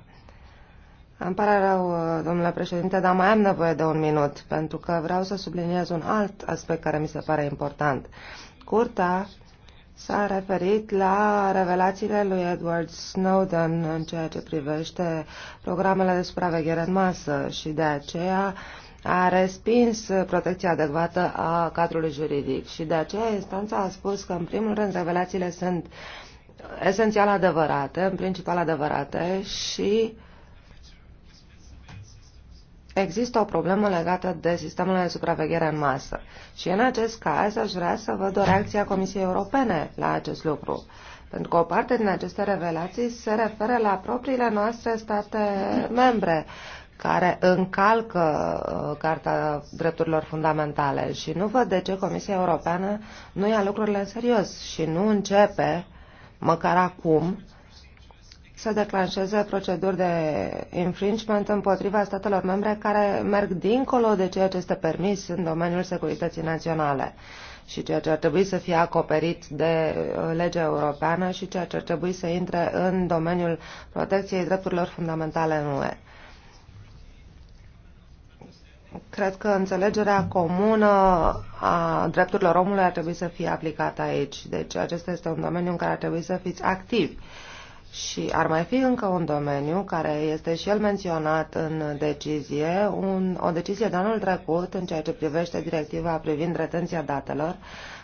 Îmi pare rău, domnule președinte, dar mai am nevoie de un minut, pentru că vreau să subliniez un alt aspect care mi se pare important. Curta s-a referit la revelațiile lui Edward Snowden în ceea ce privește programele de supraveghere în masă și de aceea a respins protecția adecvată a cadrului juridic și de aceea instanța a spus că în primul rând revelațiile sunt esențial adevărate, în principal adevărate și uh, există o problemă legată de sistemul de supraveghere în masă. Și în acest caz aș vrea să văd o reacție a Comisiei Europene la acest lucru. Pentru că o parte din aceste revelații se referă la propriile noastre state membre care încalcă uh, Carta Drepturilor Fundamentale și nu văd de ce Comisia Europeană nu ia lucrurile în serios și nu începe, măcar acum, să declanșeze proceduri de infringement împotriva statelor membre care merg dincolo de ceea ce este permis în domeniul securității naționale și ceea ce ar trebui să fie acoperit de uh, legea europeană și ceea ce ar trebui să intre în domeniul protecției drepturilor fundamentale în UE. Cred că înțelegerea comună a drepturilor omului ar trebui să fie aplicată aici. Deci acesta este un domeniu în care ar trebui să fiți activi și ar mai fi încă un domeniu care este și el menționat în decizie, un, o decizie de anul trecut în ceea ce privește directiva privind retenția datelor,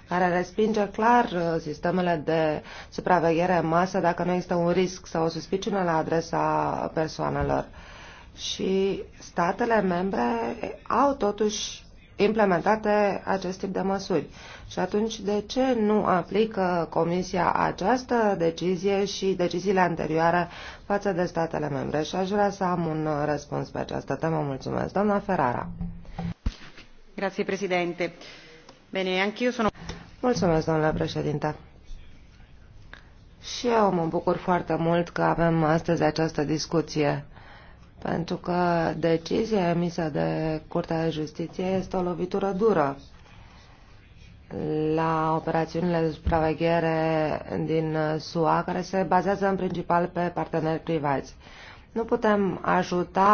care respinge clar uh, sistemele de supraveghere în masă dacă nu există un risc sau o suspiciune la adresa persoanelor. Și statele membre au totuși implementate acest tip de măsuri. Și atunci, de ce nu aplică Comisia această decizie și deciziile anterioare față de statele membre? Și aș vrea să am un răspuns pe această temă. Mulțumesc. Doamna Ferrara. Grazie, Presidente. Bine, anch'io sono... Mulțumesc, domnule președinte. Și eu mă bucur foarte mult că avem astăzi această discuție pentru că decizia emisă de Curtea de Justiție este o lovitură dură la operațiunile de supraveghere din SUA, care se bazează în principal pe parteneri privați. Nu putem ajuta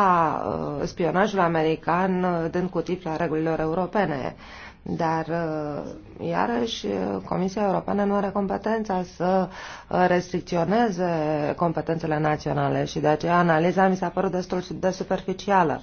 uh, spionajul american uh, dând cu tip la regulilor europene. Dar, uh, iarăși, Comisia Europeană nu are competența să uh, restricționeze competențele naționale și de aceea analiza mi s-a părut destul de superficială.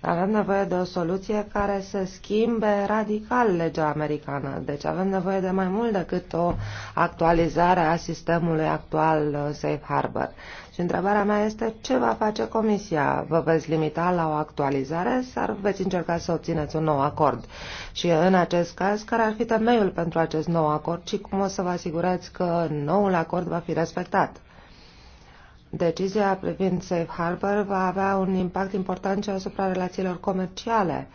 Avem nevoie de o soluție care să schimbe radical legea americană. Deci avem nevoie de mai mult decât o actualizare a sistemului actual uh, Safe Harbor. Și întrebarea mea este ce va face Comisia? Vă veți limita la o actualizare sau veți încerca să obțineți un nou acord? Și în acest caz, care ar fi temeiul pentru acest nou acord și cum o să vă asigurați că noul acord va fi respectat? Decizia privind Safe Harbor va avea un impact important și asupra relațiilor comerciale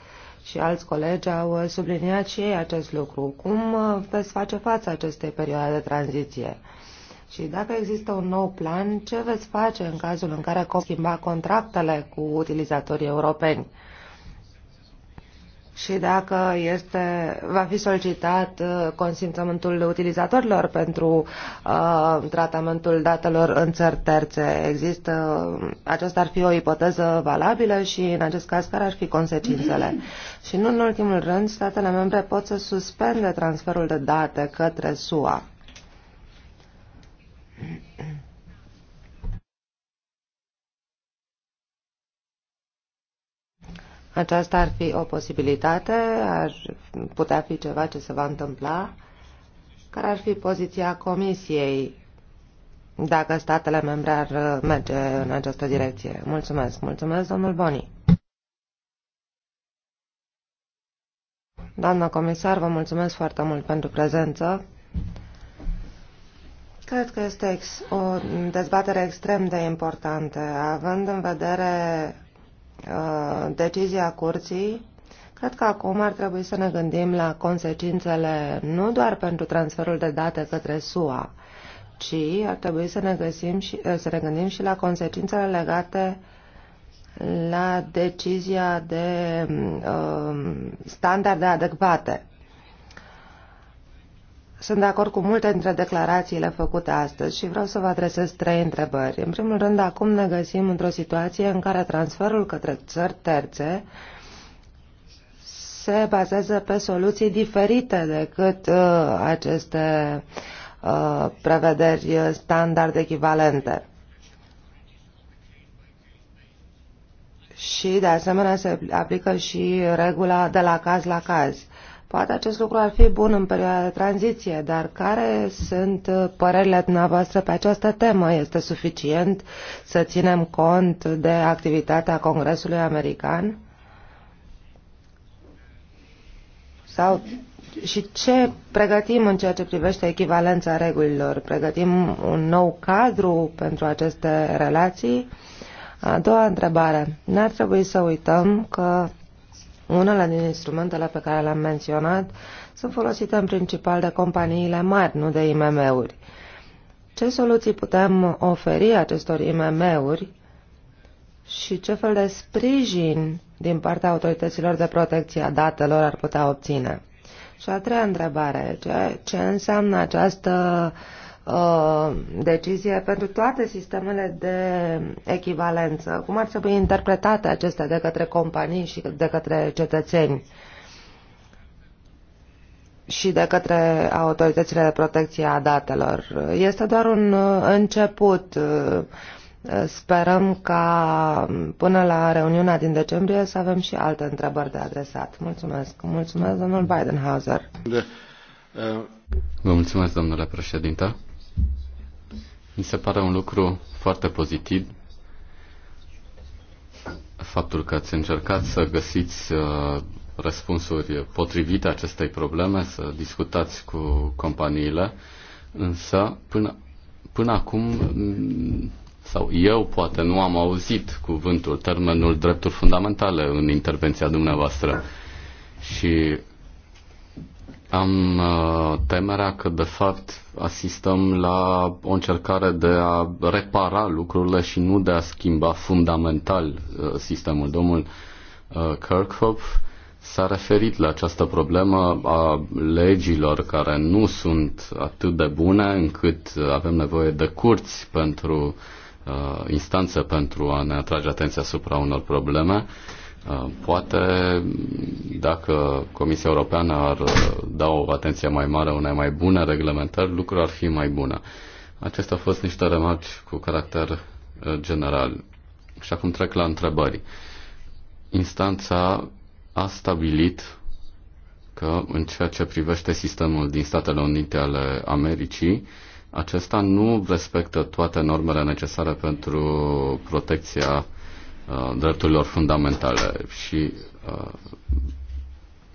și alți colegi au subliniat și ei acest lucru. Cum veți face față acestei perioade de tranziție? Și dacă există un nou plan, ce veți face în cazul în care schimba contractele cu utilizatorii europeni? Și dacă este, va fi solicitat uh, consimțământul utilizatorilor pentru uh, tratamentul datelor în țări terțe, există, uh, aceasta ar fi o ipoteză valabilă și în acest caz care ar fi consecințele? și nu în ultimul rând, statele membre pot să suspende transferul de date către SUA. Aceasta ar fi o posibilitate, ar putea fi ceva ce se va întâmpla. Care ar fi poziția Comisiei dacă statele membre ar merge în această direcție? Mulțumesc. Mulțumesc, domnul Boni. Doamna comisar, vă mulțumesc foarte mult pentru prezență. Cred că este ex o dezbatere extrem de importantă, având în vedere uh, decizia curții Cred că acum ar trebui să ne gândim la consecințele nu doar pentru transferul de date către SUA, ci ar trebui să ne, găsim și, uh, să ne gândim și la consecințele legate la decizia de uh, standarde adecvate. Sunt de acord cu multe dintre declarațiile făcute astăzi și vreau să vă adresez trei întrebări. În primul rând, acum ne găsim într-o situație în care transferul către țări terțe se bazează pe soluții diferite decât uh, aceste uh, prevederi standard echivalente. Și, de asemenea, se aplică și regula de la caz la caz. Uh, Poate acest lucru ar fi bun în perioada de tranziție, dar care sunt uh, părerile dumneavoastră pe această temă? Este suficient să ținem cont de activitatea Congresului American? Sau și ce pregătim în ceea ce privește echivalența regulilor? Pregătim un nou cadru pentru aceste relații? A doua întrebare. N-ar trebui să uităm că unele din instrumentele pe care le-am menționat sunt folosite în principal de companiile mari, nu de IMM-uri. Ce soluții putem oferi acestor IMM-uri și ce fel de sprijin din partea autorităților de protecție a datelor ar putea obține? Și a treia întrebare, ce, ce înseamnă această uh, Uh, decizie pentru toate sistemele de echivalență. Cum ar trebui interpretate acestea de către companii și de către cetățeni și de către autoritățile de protecție a datelor? Este doar un uh, început. Uh, sperăm ca până la reuniunea din decembrie să avem și alte întrebări de adresat. Mulțumesc. Mulțumesc, domnul Bidenhauser. De, uh... Vă mulțumesc, domnule președinte. Mi se pare un lucru foarte pozitiv faptul că ați încercat să găsiți uh, răspunsuri potrivite acestei probleme, să discutați cu companiile, însă până, până acum, mm, sau eu poate nu am auzit cuvântul, termenul drepturi fundamentale în intervenția dumneavoastră. Și am uh, temerea că, de fapt, asistăm la o încercare de a repara lucrurile și nu de a schimba fundamental uh, sistemul. Domnul uh, Kirkhope s-a referit la această problemă a legilor care nu sunt atât de bune încât uh, avem nevoie de curți pentru instanță pentru a ne atrage atenția asupra unor probleme. Uh, poate dacă Comisia Europeană ar uh, da o atenție mai mare unei mai bune reglementări, lucrul ar fi mai bune. Acestea au fost niște remarci cu caracter uh, general. Și acum trec la întrebări. Instanța a stabilit că în ceea ce privește sistemul din Statele Unite ale Americii, acesta nu respectă toate normele necesare pentru protecția Uh, drepturilor fundamentale și uh,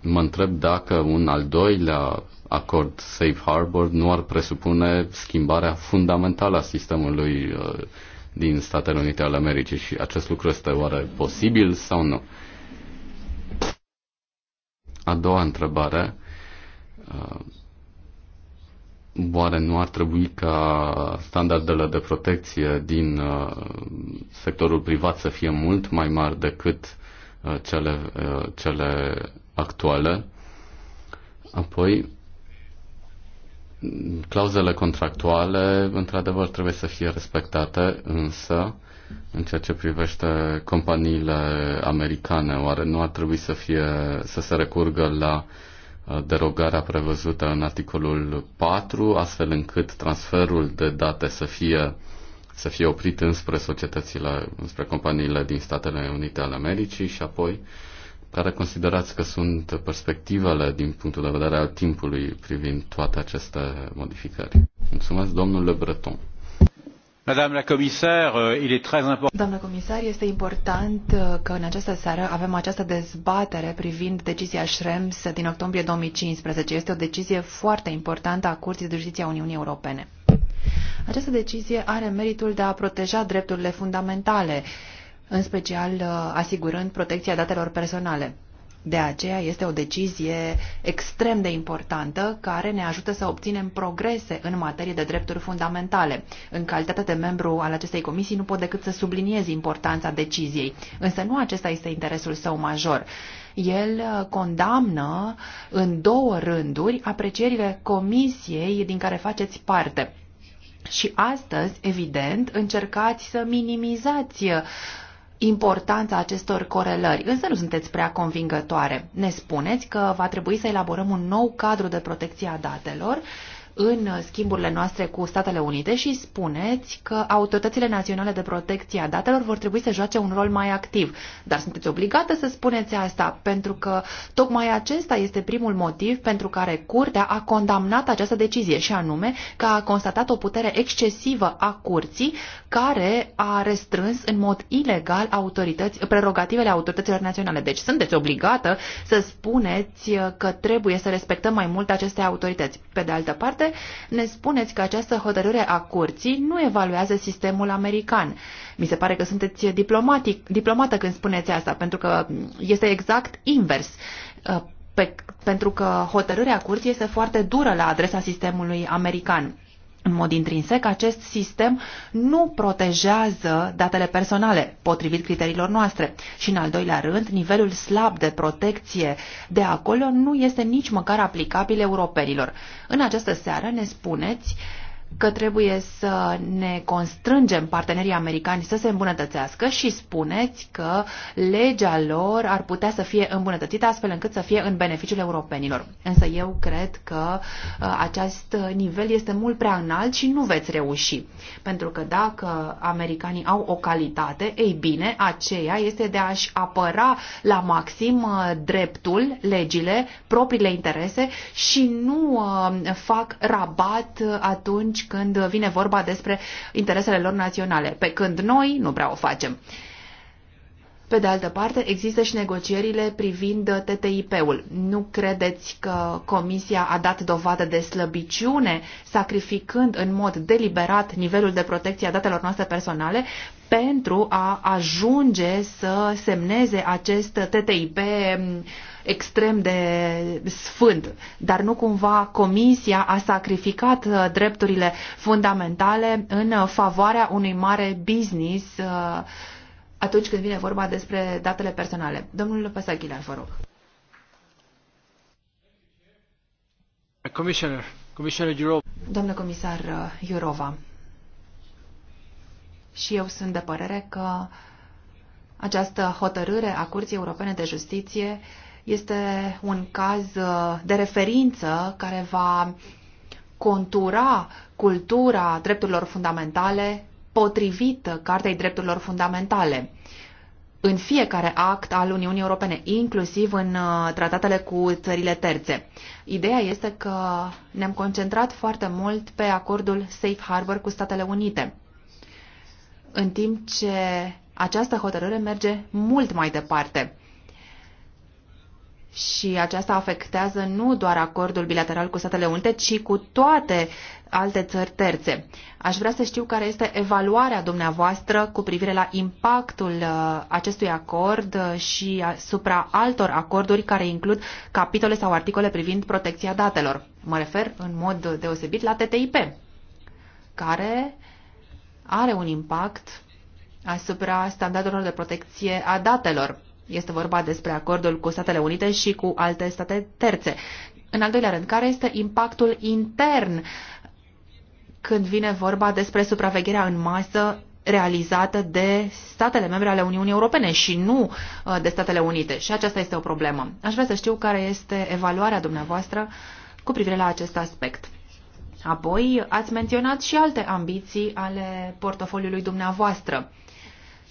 mă întreb dacă un al doilea acord Safe Harbor nu ar presupune schimbarea fundamentală a sistemului uh, din Statele Unite ale Americii și acest lucru este oare posibil sau nu? A doua întrebare Oare nu ar trebui ca standardele de protecție din uh, sectorul privat să fie mult mai mari decât uh, cele, uh, cele actuale? Apoi, clauzele contractuale, într-adevăr, trebuie să fie respectate, însă, în ceea ce privește companiile americane, oare nu ar trebui să, fie, să se recurgă la uh, derogarea prevăzută în articolul 4, astfel încât transferul de date să fie, să fie oprit înspre societățile, înspre companiile din Statele Unite ale Americii și apoi care considerați că sunt perspectivele din punctul de vedere al timpului privind toate aceste modificări. Mulțumesc, domnule Breton. Euh, Doamnă comisar, este important uh, că în această seară avem această dezbatere privind decizia Schrems din octombrie 2015. Este o decizie foarte importantă a Curții de Justiție a Uniunii Europene. Această decizie are meritul de a proteja drepturile fundamentale, în special uh, asigurând protecția datelor personale. De aceea este o decizie extrem de importantă care ne ajută să obținem progrese în materie de drepturi fundamentale. În calitate de membru al acestei comisii nu pot decât să subliniez importanța deciziei, însă nu acesta este interesul său major. El uh, condamnă în două rânduri aprecierile comisiei din care faceți parte. Și astăzi, evident, încercați să minimizați uh, importanța acestor corelări, însă nu sunteți prea convingătoare. Ne spuneți că va trebui să elaborăm un nou cadru de protecție a datelor în schimburile noastre cu Statele Unite și spuneți că autoritățile naționale de protecție a datelor vor trebui să joace un rol mai activ. Dar sunteți obligată să spuneți asta, pentru că tocmai acesta este primul motiv pentru care Curtea a condamnat această decizie și anume că a constatat o putere excesivă a Curții care a restrâns în mod ilegal autorități, prerogativele autorităților naționale. Deci sunteți obligată să spuneți că trebuie să respectăm mai mult aceste autorități. Pe de altă parte, parte, ne spuneți că această hotărâre a curții nu evaluează sistemul american. Mi se pare că sunteți diplomatic, diplomată când spuneți asta, pentru că este exact invers. Uh, pe, pentru că hotărârea curții este foarte dură la adresa sistemului american. În mod intrinsec, acest sistem nu protejează datele personale, potrivit criteriilor noastre. Și, în al doilea rând, nivelul slab de protecție de acolo nu este nici măcar aplicabil europenilor. În această seară ne spuneți că trebuie să ne constrângem partenerii americani să se îmbunătățească și spuneți că legea lor ar putea să fie îmbunătățită astfel încât să fie în beneficiul europenilor. Însă eu cred că uh, acest nivel este mult prea înalt și nu veți reuși. Pentru că dacă americanii au o calitate, ei bine, aceea este de a-și apăra la maxim uh, dreptul, legile, propriile interese și nu uh, fac rabat atunci atunci când vine vorba despre interesele lor naționale, pe când noi nu prea o facem. Pe de altă parte, există și negocierile privind TTIP-ul. Nu credeți că Comisia a dat dovadă de slăbiciune, sacrificând în mod deliberat nivelul de protecție a datelor noastre personale pentru a ajunge să semneze acest TTIP extrem de sfânt, dar nu cumva Comisia a sacrificat uh, drepturile fundamentale în uh, favoarea unui mare business uh, atunci când vine vorba despre datele personale. Domnul Păsaghilar, vă rog. Commissioner, Commissioner Jurova. comisar Iurova, și eu sunt de părere că această hotărâre a Curții Europene de Justiție uh, este un caz uh, de referință care va contura cultura drepturilor fundamentale potrivit Cartei Drepturilor Fundamentale în fiecare act al Uniunii Europene, inclusiv în uh, tratatele cu țările terțe. Ideea este că ne-am concentrat foarte mult pe acordul Safe Harbor cu Statele Unite, în timp ce această hotărâre merge mult mai departe și aceasta afectează nu doar acordul bilateral cu Statele Unite, ci cu toate alte țări terțe. Aș vrea să știu care este evaluarea dumneavoastră cu privire la impactul uh, acestui acord uh, și asupra altor acorduri care includ capitole sau articole privind protecția datelor. Mă refer în mod deosebit la TTIP, care are un impact asupra standardelor de protecție a datelor este vorba despre acordul cu Statele Unite și cu alte state terțe. În al doilea rând, care este impactul intern când vine vorba despre supravegherea în masă realizată de statele membre ale Uniunii Europene și nu uh, de Statele Unite. Și aceasta este o problemă. Aș vrea să știu care este evaluarea dumneavoastră cu privire la acest aspect. Apoi, ați menționat și alte ambiții ale portofoliului dumneavoastră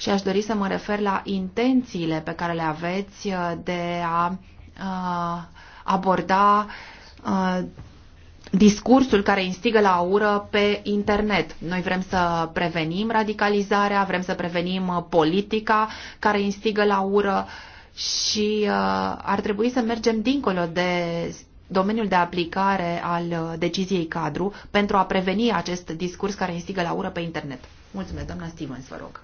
și aș dori să mă refer la intențiile pe care le aveți uh, de a uh, aborda uh, discursul care instigă la ură pe internet. Noi vrem să prevenim radicalizarea, vrem să prevenim politica care instigă la ură și ar trebui să mergem dincolo de domeniul de aplicare al deciziei cadru pentru a preveni acest discurs care instigă la ură pe internet. Mulțumesc, doamna Stevens, vă rog.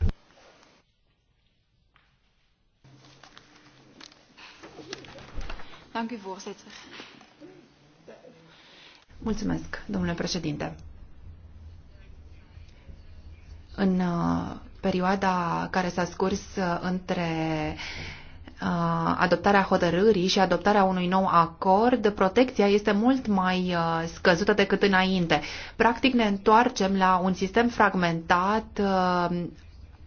Dank u, voorzitter. Mulțumesc, domnule președinte. În uh, perioada care s-a scurs uh, între uh, adoptarea hotărârii și adoptarea unui nou acord, protecția este mult mai scăzută decât înainte. Practic ne întoarcem la un sistem fragmentat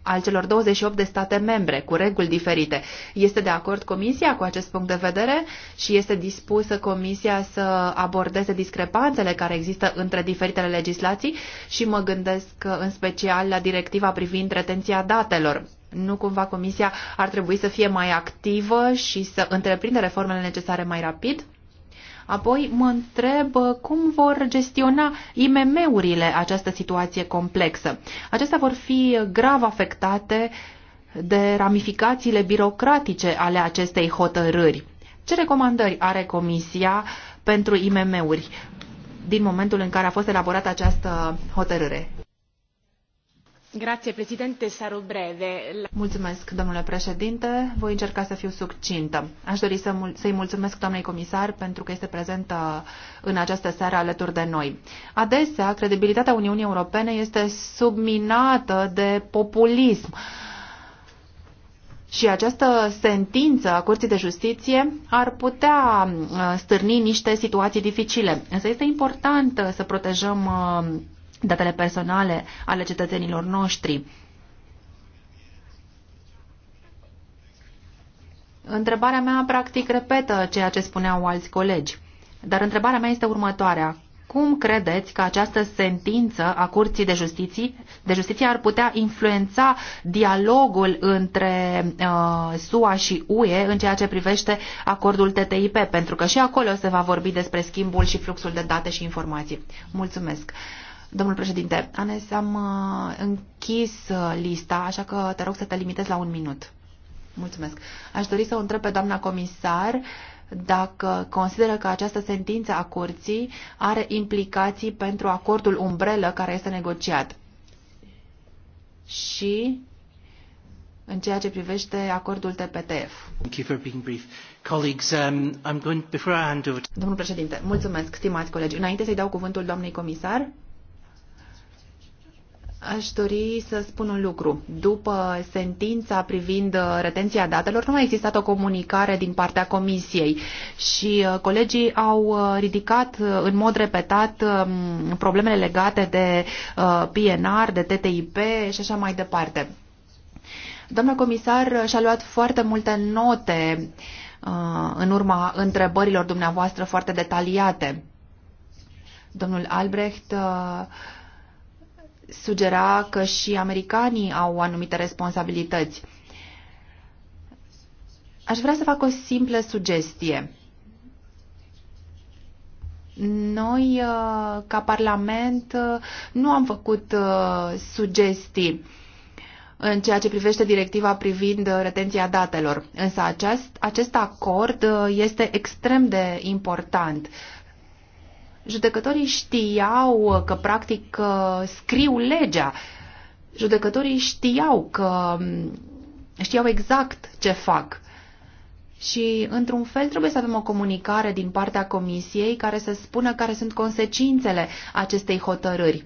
al celor 28 de state membre, cu reguli diferite. Este de acord Comisia cu acest punct de vedere și este dispusă Comisia să abordeze discrepanțele care există între diferitele legislații și mă gândesc în special la directiva privind retenția datelor. Nu cumva Comisia ar trebui să fie mai activă și să întreprinde reformele necesare mai rapid? Apoi mă întreb uh, cum vor gestiona IMM-urile această situație complexă. Acestea vor fi grav afectate de ramificațiile birocratice ale acestei hotărâri. Ce recomandări are Comisia pentru IMM-uri din momentul în care a fost elaborată această hotărâre? Mulțumesc, domnule președinte. Voi încerca să fiu succintă. Aș dori să îi mulțumesc doamnei comisar pentru că este prezentă în această seară alături de noi. Adesea, credibilitatea Uniunii Europene este subminată de populism. Și această sentință a Curții de Justiție ar putea uh, stârni niște situații dificile. Însă este important să protejăm uh, datele personale ale cetățenilor noștri. Întrebarea mea, practic, repetă ceea ce spuneau alți colegi. Dar întrebarea mea este următoarea. Cum credeți că această sentință a Curții de Justiție, de Justiție ar putea influența dialogul între uh, SUA și UE în ceea ce privește acordul TTIP? Pentru că și acolo se va vorbi despre schimbul și fluxul de date și informații. Mulțumesc. Uh, Domnul președinte, Anes, am uh, închis uh, lista, așa că te rog să te limitezi la un minut. Mulțumesc. Aș dori să o întreb pe doamna comisar dacă consideră că această sentință a curții are implicații pentru acordul umbrelă care este negociat. Și în ceea ce privește acordul TPTF. Um, Domnul președinte, mulțumesc, stimați colegi. Înainte să-i dau cuvântul doamnei comisar, Aș dori să spun un lucru. După sentința privind uh, retenția datelor, nu a existat o comunicare din partea comisiei și uh, colegii au uh, ridicat în mod repetat um, problemele legate de PNR, de TTIP și așa mai departe. Doamna comisar și-a luat foarte multe note în urma întrebărilor dumneavoastră foarte detaliate. Domnul Albrecht sugera că și americanii au anumite responsabilități. Aș vrea să fac o simplă sugestie. Noi, uh, ca Parlament, uh, nu am făcut uh, sugestii în ceea ce privește directiva privind retenția datelor. Însă acest, acest acord este extrem de important Judecătorii știau că, practic, scriu legea. Judecătorii știau că știau exact ce fac. Și, într-un fel, trebuie să avem o comunicare din partea Comisiei care să spună care sunt consecințele acestei hotărâri.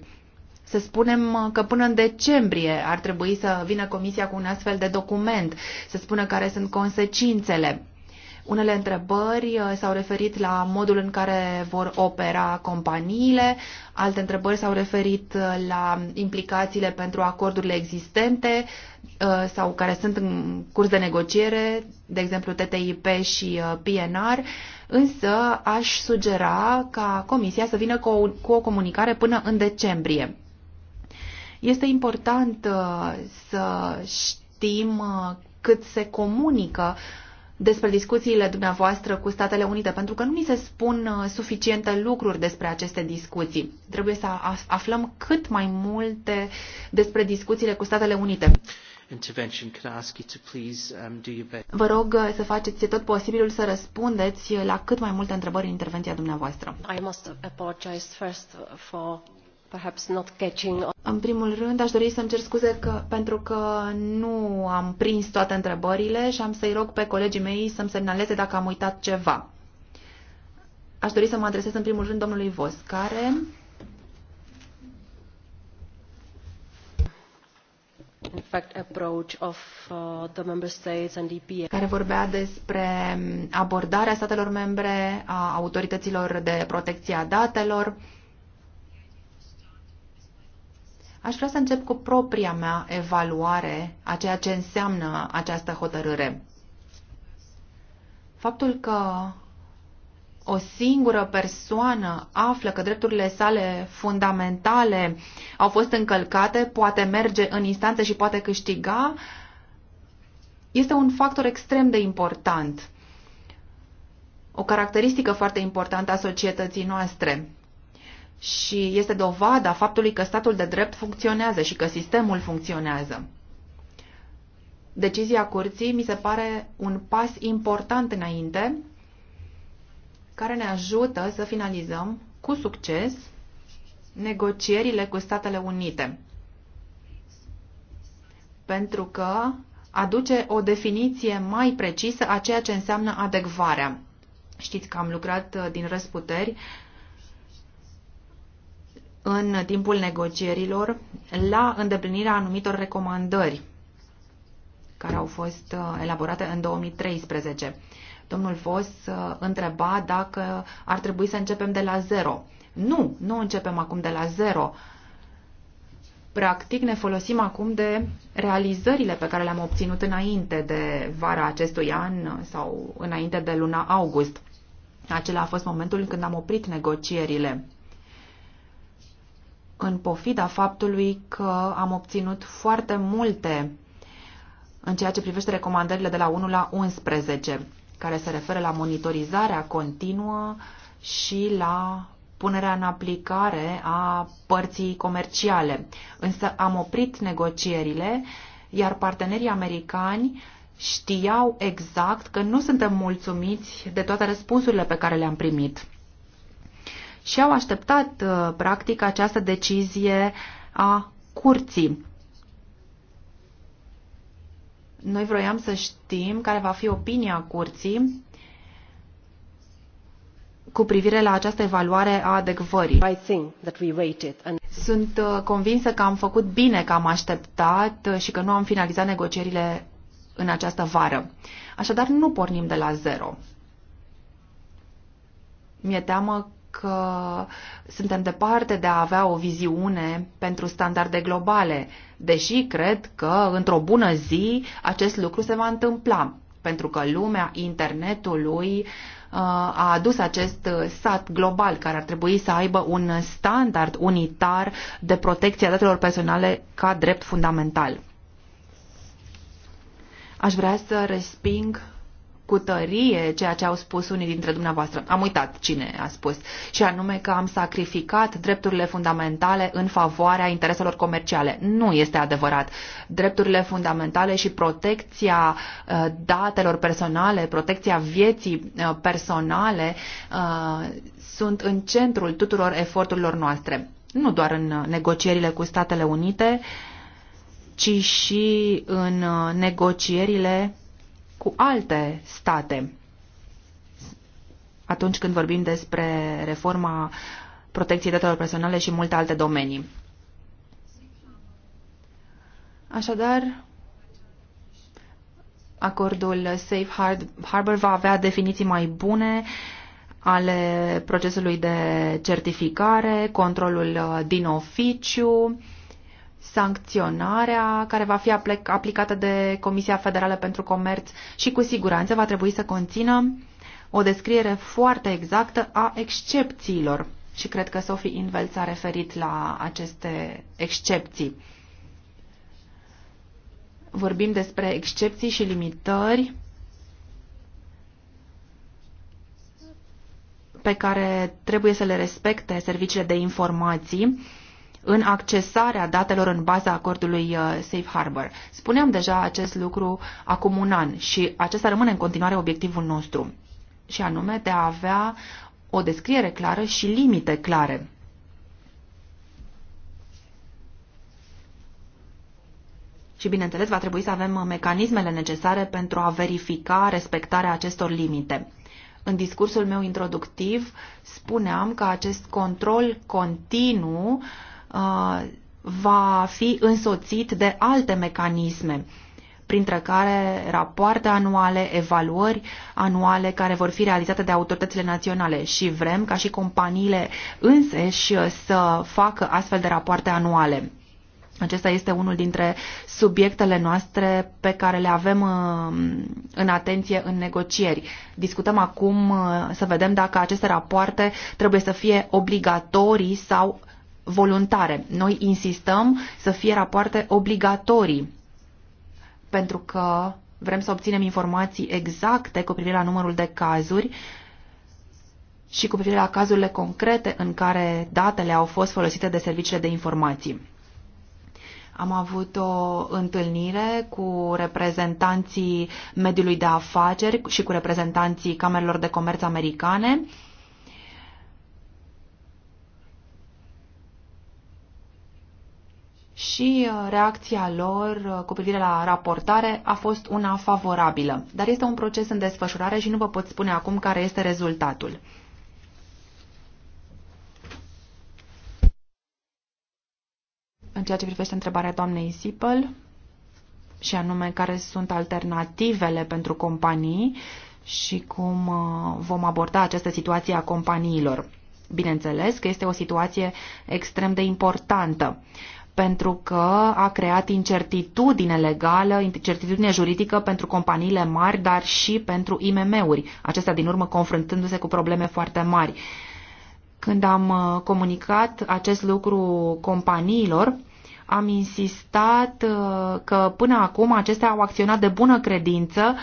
Să spunem că până în decembrie ar trebui să vină Comisia cu un astfel de document, să spună care sunt consecințele unele întrebări uh, s-au referit la modul în care vor opera companiile, alte întrebări s-au referit uh, la implicațiile pentru acordurile existente uh, sau care sunt în curs de negociere, de exemplu TTIP și PNR, însă aș sugera ca Comisia să vină cu o, cu o comunicare până în decembrie. Este important să știm cât se comunică despre discuțiile dumneavoastră cu Statele Unite, pentru că nu ni se spun uh, suficiente lucruri despre aceste discuții. Trebuie să aflăm cât mai multe despre discuțiile cu Statele Unite. Um, Vă rog uh, să faceți tot posibilul să răspundeți uh, la cât mai multe întrebări în intervenția dumneavoastră. I must apologize first for perhaps not catching on. În primul rând, aș dori să-mi cer scuze că, pentru că nu am prins toate întrebările și am să-i rog pe colegii mei să-mi semnaleze dacă am uitat ceva. Aș dori să mă adresez în primul rând domnului Vos, care... In fact, approach of uh, the member states and EPA. care vorbea despre mm, abordarea statelor membre, a autorităților de protecție a datelor Aș vrea să încep cu propria mea evaluare a ceea ce înseamnă această hotărâre. Faptul că o singură persoană află că drepturile sale fundamentale au fost încălcate, poate merge în instanță și poate câștiga, este un factor extrem de important. O caracteristică foarte importantă a societății noastre și este dovada faptului că statul de drept funcționează și că sistemul funcționează. Decizia curții mi se pare un pas important înainte care ne ajută să finalizăm cu succes negocierile cu Statele Unite. Pentru că aduce o definiție mai precisă a ceea ce înseamnă adecvarea. Știți că am lucrat uh, din răsputeri în timpul negocierilor la îndeplinirea anumitor recomandări care au fost uh, elaborate în 2013. Domnul Fos uh, întreba dacă ar trebui să începem de la zero. Nu, nu începem acum de la zero. Practic ne folosim acum de realizările pe care le-am obținut înainte de vara acestui an sau înainte de luna august. Acela a fost momentul când am oprit negocierile în pofida faptului că am obținut foarte multe în ceea ce privește recomandările de la 1 la 11, care se referă la monitorizarea continuă și la punerea în aplicare a părții comerciale. Însă am oprit negocierile, iar partenerii americani știau exact că nu suntem mulțumiți de toate răspunsurile pe care le-am primit și au așteptat uh, practic această decizie a curții. Noi vroiam să știm care va fi opinia curții cu privire la această evaluare a adecvării. Sunt uh, convinsă că am făcut bine că am așteptat uh, și că nu am finalizat negocierile în această vară. Așadar, nu pornim de la zero. Mi-e teamă că suntem departe de a avea o viziune pentru standarde globale, deși cred că într-o bună zi acest lucru se va întâmpla, pentru că lumea internetului uh, a adus acest sat global care ar trebui să aibă un standard unitar de protecție a datelor personale ca drept fundamental. Aș vrea să resping cu tărie ceea ce au spus unii dintre dumneavoastră. Am uitat cine a spus. Și anume că am sacrificat drepturile fundamentale în favoarea intereselor comerciale. Nu este adevărat. Drepturile fundamentale și protecția uh, datelor personale, protecția vieții uh, personale uh, sunt în centrul tuturor eforturilor noastre. Nu doar în negocierile cu Statele Unite, ci și în negocierile cu alte state atunci când vorbim despre reforma protecției datelor personale și multe alte domenii. Așadar, acordul Safe Harbor va avea definiții mai bune ale procesului de certificare, controlul uh, din oficiu, sancționarea care va fi aplicată de Comisia Federală pentru Comerț și cu siguranță va trebui să conțină o descriere foarte exactă a excepțiilor. Și cred că Sophie Invel s-a referit la aceste excepții. Vorbim despre excepții și limitări pe care trebuie să le respecte serviciile de informații în accesarea datelor în baza acordului uh, Safe Harbor. Spuneam deja acest lucru acum un an și acesta rămâne în continuare obiectivul nostru, și anume de a avea o descriere clară și limite clare. Și, bineînțeles, va trebui să avem mecanismele necesare pentru a verifica respectarea acestor limite. În discursul meu introductiv spuneam că acest control continuu uh, Uh, va fi însoțit de alte mecanisme, printre care rapoarte anuale, evaluări anuale care vor fi realizate de autoritățile naționale și vrem ca și companiile înseși să facă astfel de rapoarte anuale. Acesta este unul dintre subiectele noastre pe care le avem uh, în atenție în negocieri. Discutăm acum uh, să vedem dacă aceste rapoarte trebuie să fie obligatorii sau voluntare. Noi insistăm să fie rapoarte obligatorii pentru că vrem să obținem informații exacte cu privire la numărul de cazuri și cu privire la cazurile concrete în care datele au fost folosite de serviciile de informații. Am avut o întâlnire cu reprezentanții mediului de afaceri și cu reprezentanții Camerelor de Comerț Americane și uh, reacția lor uh, cu privire la raportare a fost una favorabilă. Dar este un proces în desfășurare și nu vă pot spune acum care este rezultatul. În ceea ce privește întrebarea doamnei Sipel, și anume care sunt alternativele pentru companii și cum uh, vom aborda această situație a companiilor. Bineînțeles că este o situație extrem de importantă pentru că a creat incertitudine legală, incertitudine juridică pentru companiile mari, dar și pentru IMM-uri, acestea din urmă confruntându-se cu probleme foarte mari. Când am uh, comunicat acest lucru companiilor, am insistat uh, că până acum acestea au acționat de bună credință,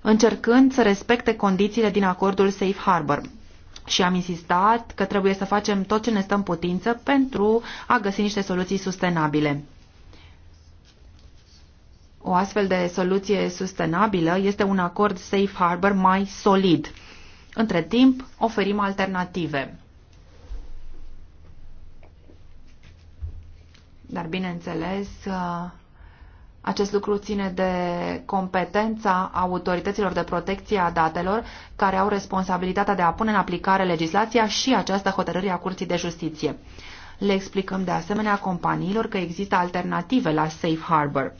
încercând să respecte condițiile din acordul Safe Harbor și am insistat că trebuie să facem tot ce ne stă în putință pentru a găsi niște soluții sustenabile. O astfel de soluție sustenabilă este un acord safe harbor mai solid. Între timp, oferim alternative. Dar, bineînțeles, uh, acest lucru ține de competența autorităților de protecție a datelor, care au responsabilitatea de a pune în aplicare legislația și această hotărâre a Curții de Justiție. Le explicăm de asemenea companiilor că există alternative la Safe Harbor.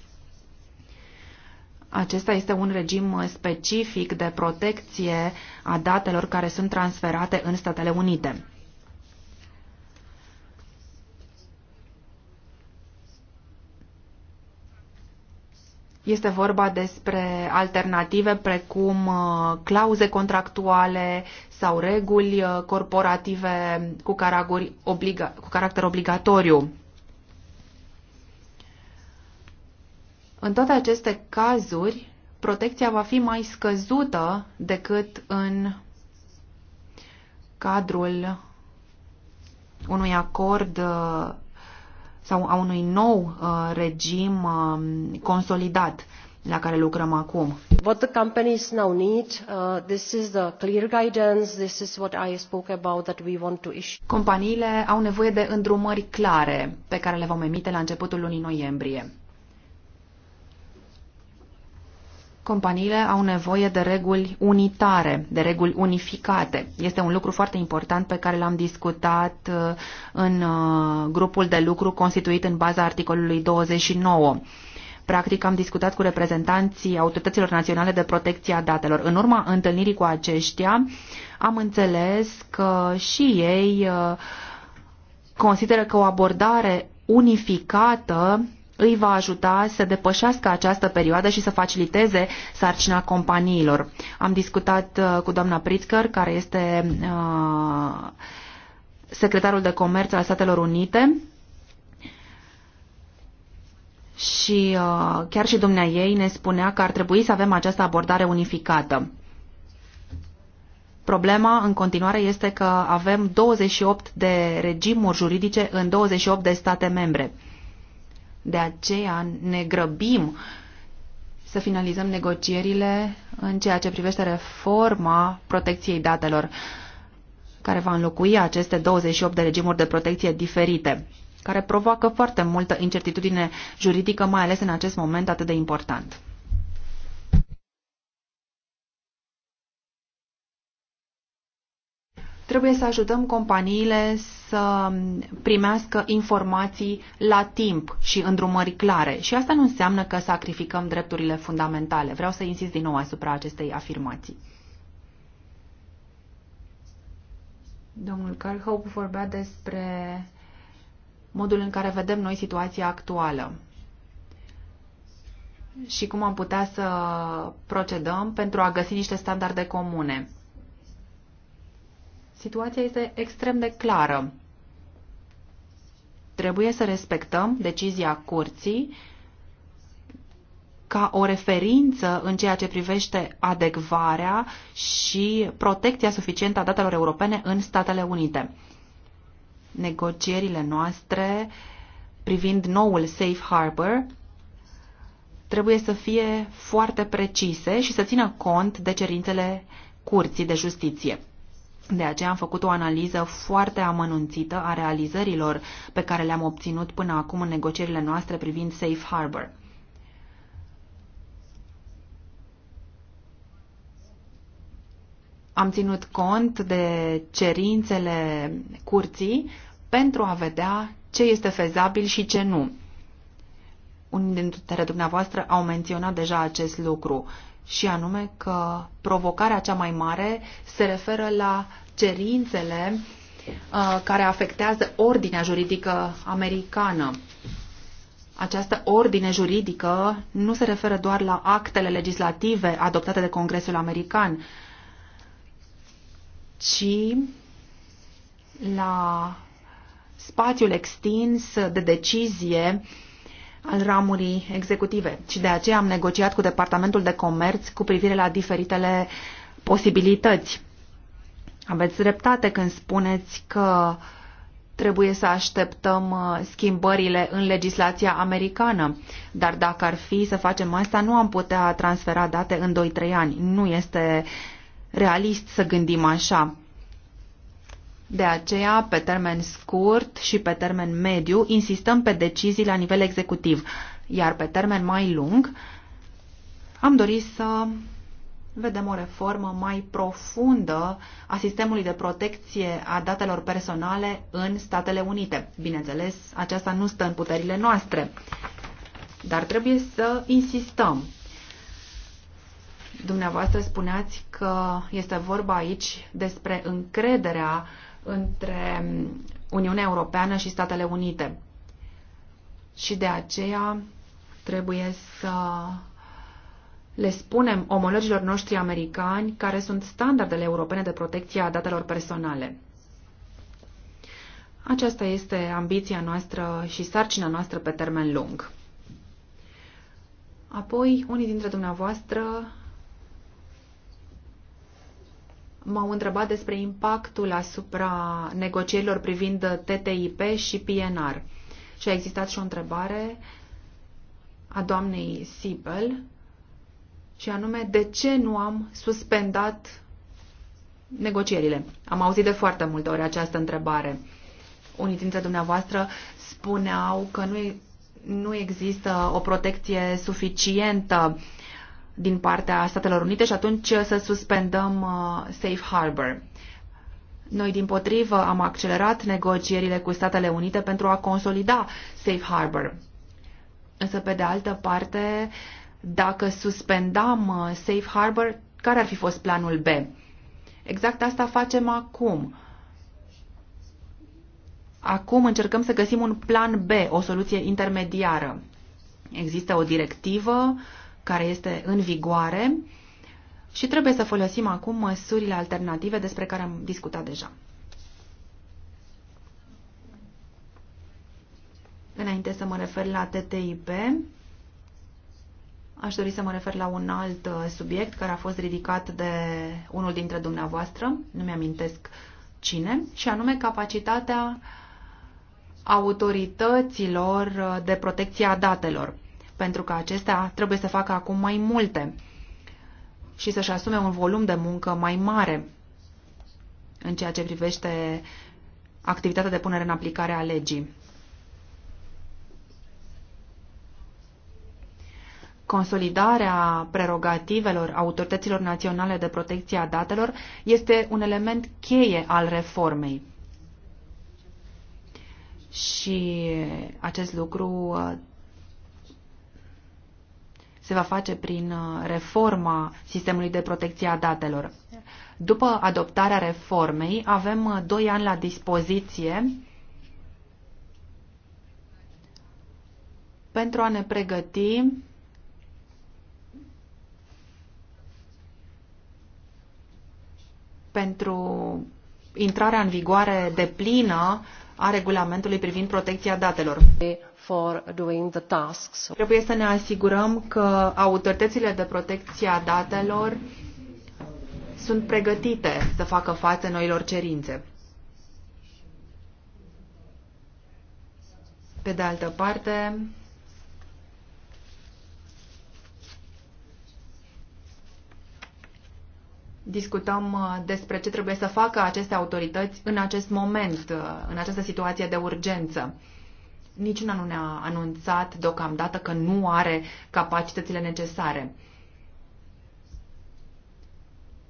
Acesta este un regim specific de protecție a datelor care sunt transferate în Statele Unite. Este vorba despre alternative precum uh, clauze contractuale sau reguli uh, corporative cu, obliga cu caracter obligatoriu. În toate aceste cazuri, protecția va fi mai scăzută decât în cadrul unui acord uh, sau a unui nou uh, regim uh, consolidat la care lucrăm acum. What the companies now need, uh, this is the clear guidance, this is what I spoke about that we want to issue. Companiile au nevoie de îndrumări clare pe care le vom emite la începutul lunii noiembrie. companiile au nevoie de reguli unitare, de reguli unificate. Este un lucru foarte important pe care l-am discutat uh, în uh, grupul de lucru constituit în baza articolului 29. Practic am discutat cu reprezentanții autorităților naționale de protecție a datelor. În urma întâlnirii cu aceștia am înțeles că și ei uh, consideră că o abordare unificată îi va ajuta să depășească această perioadă și să faciliteze sarcina companiilor. Am discutat uh, cu doamna Pritzker, care este uh, secretarul de comerț al Statelor Unite, și uh, chiar și dumnea ei ne spunea că ar trebui să avem această abordare unificată. Problema în continuare este că avem 28 de regimuri juridice în 28 de state membre. De aceea ne grăbim să finalizăm negocierile în ceea ce privește reforma protecției datelor, care va înlocui aceste 28 de regimuri de protecție diferite, care provoacă foarte multă incertitudine juridică, mai ales în acest moment atât de important. Trebuie să ajutăm companiile să primească informații la timp și îndrumări clare. Și asta nu înseamnă că sacrificăm drepturile fundamentale. Vreau să insist din nou asupra acestei afirmații. Domnul Carl vorbea despre modul în care vedem noi situația actuală și cum am putea să procedăm pentru a găsi niște standarde comune. Situația este extrem de clară. Trebuie să respectăm decizia curții ca o referință în ceea ce privește adecvarea și protecția suficientă a datelor europene în Statele Unite. Negocierile noastre privind noul Safe Harbor trebuie să fie foarte precise și să țină cont de cerințele Curții de Justiție. De aceea am făcut o analiză foarte amănunțită a realizărilor pe care le-am obținut până acum în negocierile noastre privind Safe Harbor. Am ținut cont de cerințele curții pentru a vedea ce este fezabil și ce nu. Unii dintre dumneavoastră au menționat deja acest lucru și anume că provocarea cea mai mare se referă la cerințele uh, care afectează ordinea juridică americană. Această ordine juridică nu se referă doar la actele legislative adoptate de Congresul American, ci la spațiul extins de decizie uh, al ramurii executive și de aceea am negociat cu Departamentul de Comerț cu privire la diferitele posibilități. Aveți dreptate când spuneți că trebuie să așteptăm uh, schimbările în legislația americană, dar dacă ar fi să facem asta, nu am putea transfera date în 2-3 ani. Nu este realist să gândim așa. De aceea, pe termen scurt și pe termen mediu, insistăm pe decizii la nivel executiv, iar pe termen mai lung am dorit să vedem o reformă mai profundă a sistemului de protecție a datelor personale în Statele Unite. Bineînțeles, aceasta nu stă în puterile noastre, dar trebuie să insistăm. Dumneavoastră spuneați că este vorba aici despre încrederea uh, între Uniunea Europeană și Statele Unite. Și de aceea trebuie să le spunem omologilor noștri americani care sunt standardele europene de protecție a datelor personale. Aceasta este ambiția noastră și sarcina noastră pe termen lung. Apoi, unii dintre dumneavoastră m-au întrebat despre impactul asupra negocierilor privind TTIP și PNR. Și a existat și o întrebare a doamnei Sibel și anume de ce nu am suspendat negocierile. Am auzit de foarte multe ori această întrebare. Unii dintre dumneavoastră spuneau că nu, nu există o protecție suficientă din partea Statelor Unite și atunci uh, să suspendăm uh, Safe Harbor. Noi, din potrivă, am accelerat negocierile cu Statele Unite pentru a consolida Safe Harbor. Însă, pe de altă parte, dacă suspendam uh, Safe Harbor, care ar fi fost planul B? Exact asta facem acum. Acum încercăm să găsim un plan B, o soluție intermediară. Există o directivă uh, care este în vigoare și trebuie să folosim acum măsurile alternative despre care am discutat deja. Înainte să mă refer la TTIP, aș dori să mă refer la un alt uh, subiect care a fost ridicat de unul dintre dumneavoastră, nu mi-amintesc cine, și anume capacitatea autorităților uh, de protecție a datelor pentru că acestea trebuie să facă acum mai multe și să-și asume un volum de muncă mai mare în ceea ce privește activitatea de punere în aplicare a legii. Consolidarea prerogativelor autorităților naționale de protecție a datelor este un element cheie al reformei. Și acest lucru se va face prin uh, reforma sistemului de protecție a datelor. După adoptarea reformei, avem uh, doi ani la dispoziție pentru a ne pregăti pentru intrarea în vigoare de plină a regulamentului privind protecția datelor. Trebuie să ne asigurăm că autoritățile de protecție a datelor sunt pregătite să facă față noilor cerințe. Pe de altă parte, discutăm uh, despre ce trebuie să facă aceste autorități în acest moment, uh, în această situație de urgență. Niciuna nu ne-a anunțat deocamdată că nu are capacitățile necesare.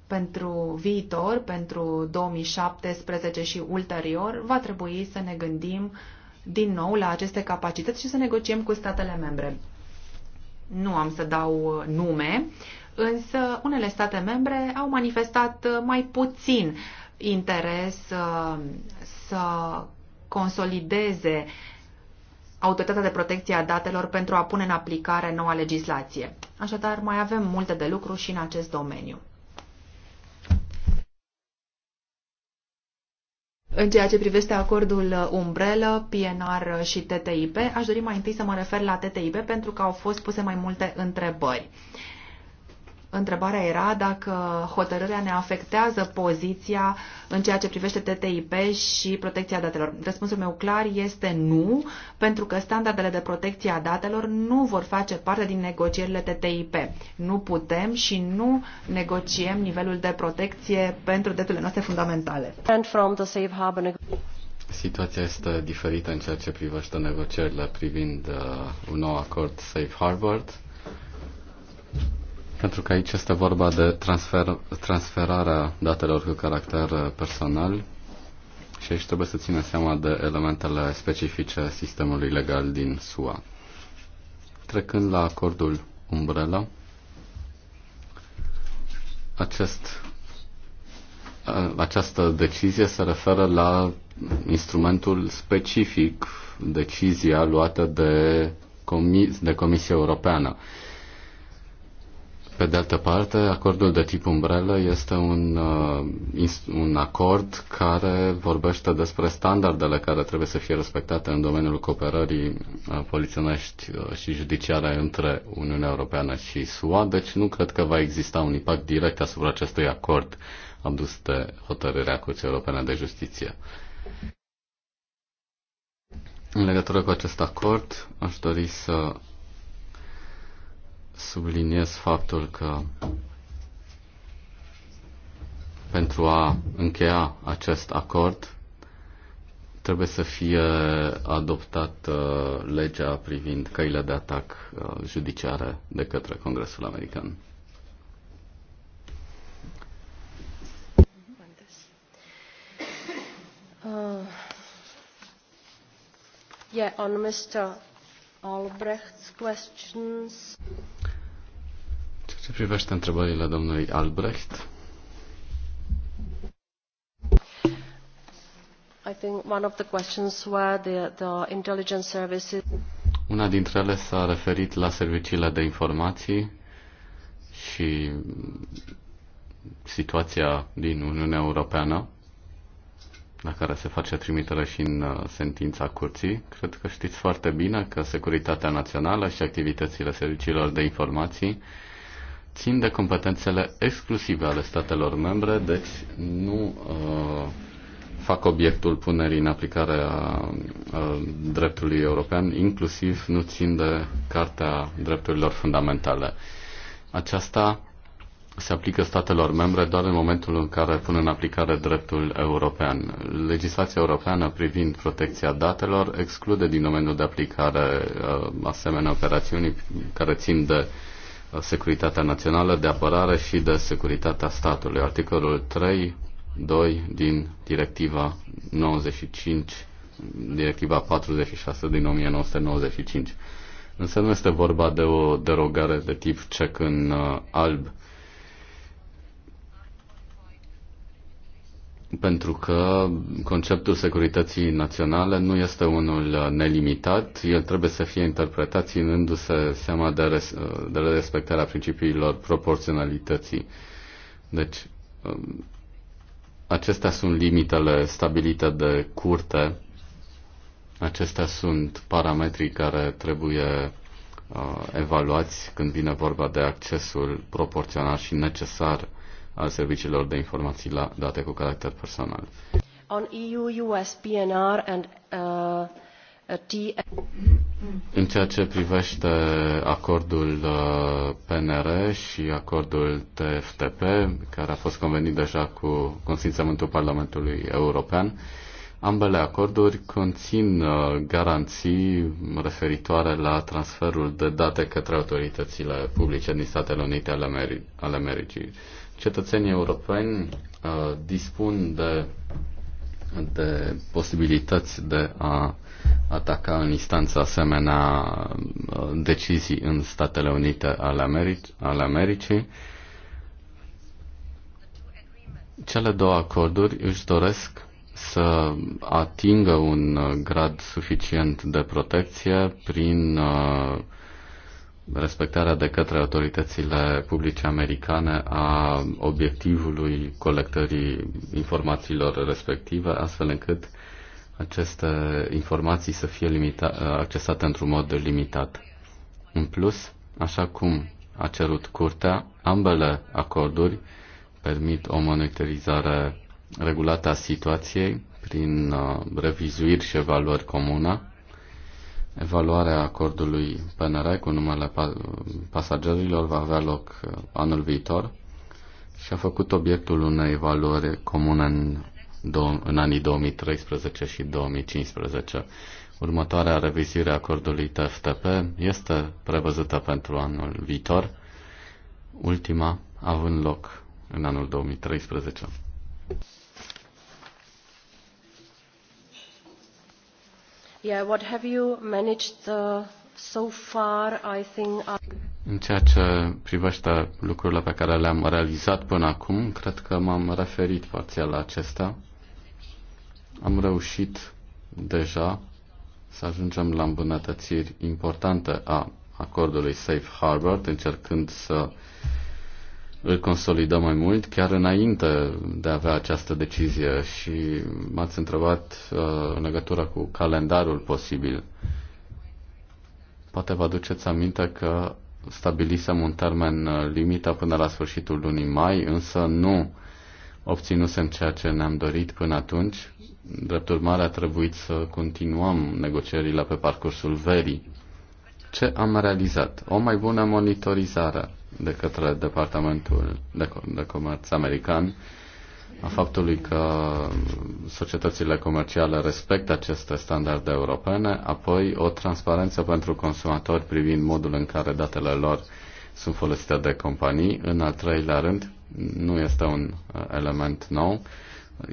Pentru viitor, pentru 2017 și ulterior, va trebui să ne gândim din nou la aceste capacități și să negociem cu statele membre. Nu am să dau uh, nume, uh, Însă unele state membre au manifestat uh, mai puțin interes uh, să consolideze Autoritatea de Protecție a Datelor pentru a pune în aplicare noua legislație. Așadar, mai avem multe de lucru și în acest domeniu. În ceea ce privește acordul umbrelă, PNR și TTIP, aș dori mai întâi să mă refer la TTIP pentru că au fost puse mai multe întrebări întrebarea era dacă hotărârea ne afectează poziția în ceea ce privește TTIP și protecția datelor. Răspunsul meu clar este nu, pentru că standardele de protecție a datelor nu vor face parte din negocierile TTIP. Nu putem și nu negociem nivelul de protecție pentru drepturile noastre fundamentale. Situația este diferită în ceea ce privește negocierile privind uh, un nou acord Safe Harbor. Pentru că aici este vorba de transfer, transferarea datelor cu caracter personal și aici trebuie să ținem seama de elementele specifice sistemului legal din SUA. Trecând la acordul Umbrella, acest, această decizie se referă la instrumentul specific, decizia luată de, comis, de Comisia Europeană. Pe de altă parte, acordul de tip umbrelă este un, uh, un acord care vorbește despre standardele care trebuie să fie respectate în domeniul cooperării uh, poliționești uh, și judiciare între Uniunea Europeană și SUA, deci nu cred că va exista un impact direct asupra acestui acord adus de hotărârea Curții Europene de Justiție. În legătură cu acest acord, aș dori să subliniez faptul că pentru a încheia acest acord trebuie să fie adoptată uh, legea privind căile de atac uh, judiciare de către Congresul American. Uh, yeah, on Mr. Albrecht's questions. Ce privește întrebările domnului Albrecht? I think one of the questions were the, the intelligence services. Una dintre ele s-a referit la serviciile de informații și situația din Uniunea Europeană la care se face trimitere și în uh, sentința curții. Cred că știți foarte bine că securitatea națională și activitățile serviciilor de informații țin de competențele exclusive ale statelor membre, deci nu uh, fac obiectul punerii în aplicare a, a dreptului european, inclusiv nu țin de Cartea Drepturilor Fundamentale. Aceasta se aplică statelor membre doar în momentul în care pun în aplicare dreptul european. Legislația europeană privind protecția datelor exclude din domeniul de aplicare uh, asemenea operațiuni care țin de uh, securitatea națională, de apărare și de securitatea statului. Articolul 3, 2 din directiva 95, directiva 46 din 1995. Însă nu este vorba de o derogare de tip cec în uh, alb pentru că conceptul securității naționale nu este unul nelimitat, el trebuie să fie interpretat ținându-se seama de, res- de respectarea principiilor proporționalității. Deci, um, acestea sunt limitele stabilite de curte, acestea sunt parametrii care trebuie uh, evaluați când vine vorba de accesul proporțional și necesar al serviciilor de informații la date cu caracter personal. On EU, US, PNR and uh, în ceea ce privește acordul uh, PNR și acordul TFTP, care a fost convenit deja cu consimțământul Parlamentului European, ambele acorduri conțin uh, garanții referitoare la transferul de date către autoritățile publice din Statele Unite ale, Ameri- ale Americii cetățenii europeni uh, dispun de, de posibilități de a ataca în instanță asemenea uh, decizii în Statele Unite ale, Americ- ale Americii. Cele două acorduri își doresc să atingă un uh, grad suficient de protecție prin uh, respectarea de către autoritățile publice americane a obiectivului colectării informațiilor respective, astfel încât aceste informații să fie limita- accesate într-un mod limitat. În plus, așa cum a cerut curtea, ambele acorduri permit o monitorizare regulată a situației prin uh, revizuiri și evaluări comune Evaluarea acordului PNR cu numele pasagerilor va avea loc uh, anul viitor și a făcut obiectul unei evaluări comune în, în anii 2013 și 2015. Următoarea revizire a acordului TFTP este prevăzută pentru anul viitor, ultima având loc în anul 2013. what have you managed uh, so far, I think... I... Uh, În ceea ce privește lucrurile pe care le-am realizat până acum, cred că m-am referit parțial la acestea. Am reușit deja să ajungem la îmbunătățiri importante a acordului Safe Harbor, încercând să uh, îl consolidă mai mult, chiar înainte de a avea această decizie și m-ați întrebat uh, în legătură cu calendarul posibil. Poate vă aduceți aminte că stabilisem un termen uh, limită până la sfârșitul lunii mai, însă nu obținusem ceea ce ne-am dorit până atunci. Drept urmare, a trebuit să continuăm negocierile pe parcursul verii. Ce am realizat? O mai bună monitorizare de către Departamentul de, de Comerț American a faptului că societățile comerciale respectă aceste standarde europene, apoi o transparență pentru consumatori privind modul în care datele lor sunt folosite de companii. În al treilea rând, nu este un uh, element nou,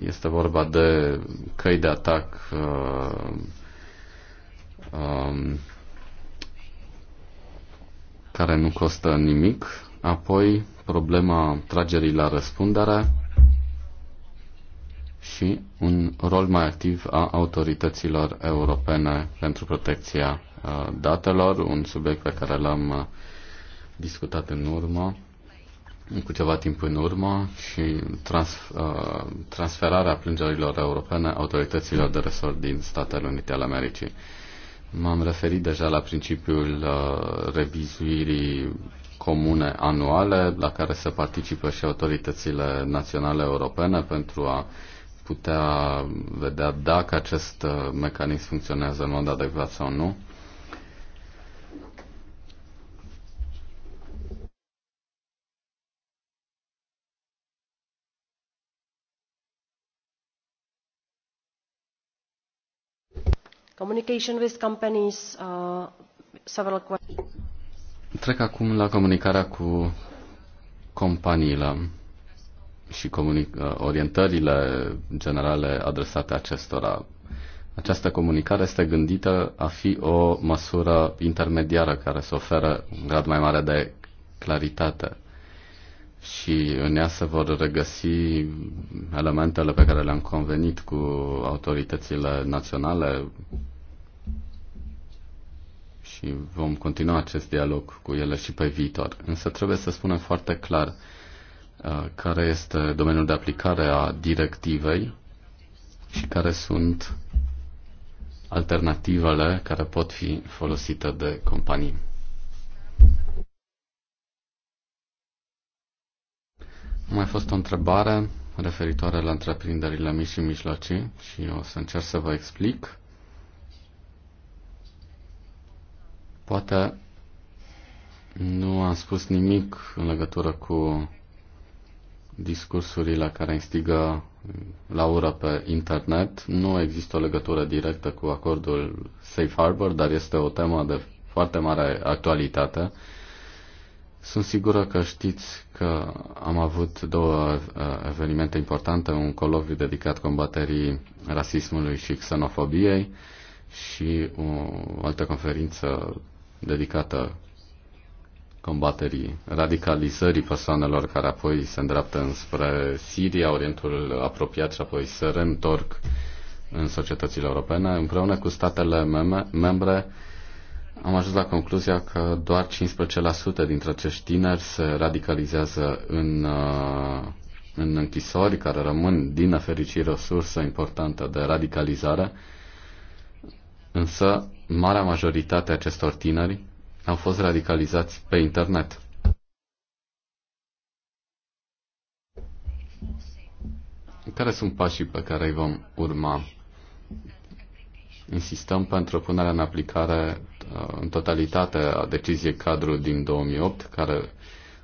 este vorba de căi de atac uh, um, care nu costă nimic, apoi problema tragerii la răspundere și un rol mai activ a autorităților europene pentru protecția uh, datelor, un subiect pe care l-am uh, discutat în urmă, cu ceva timp în urmă, și trans, uh, transferarea plângerilor europene autorităților de resort din Statele Unite ale Americii. M-am referit deja la principiul uh, revizuirii comune anuale, la care se participă și autoritățile naționale europene pentru a putea vedea dacă acest uh, mecanism funcționează în mod adecvat sau nu. Communication with companies, uh, several questions. Trec acum la comunicarea cu companiile și uh, orientările generale adresate acestora. Această comunicare este gândită a fi o măsură intermediară care să oferă un grad mai mare de claritate și în ea se vor regăsi elementele pe care le-am convenit cu autoritățile naționale și vom continua acest dialog cu ele și pe viitor. Însă trebuie să spunem foarte clar uh, care este domeniul de aplicare a directivei și care sunt alternativele care pot fi folosite de companii. Mai fost o întrebare referitoare la întreprinderile mici și mijlocii și o să încerc să vă explic. Poate nu am spus nimic în legătură cu discursurile care instigă la ură pe internet. Nu există o legătură directă cu acordul Safe Harbor, dar este o temă de foarte mare actualitate sunt sigură că știți că am avut două uh, evenimente importante, un coloviu dedicat combaterii rasismului și xenofobiei și o altă conferință dedicată combaterii radicalizării persoanelor care apoi se îndreaptă înspre Siria, Orientul apropiat și apoi se reîntorc în societățile europene, împreună cu statele meme, membre am ajuns la concluzia că doar 15% dintre acești tineri se radicalizează în, uh, în închisori, care rămân, din nefericire, o sursă importantă de radicalizare. Însă, marea majoritate a acestor tineri au fost radicalizați pe internet. Care sunt pașii pe care îi vom urma? Insistăm pentru punerea în aplicare Uh, în totalitate a deciziei cadru din 2008, care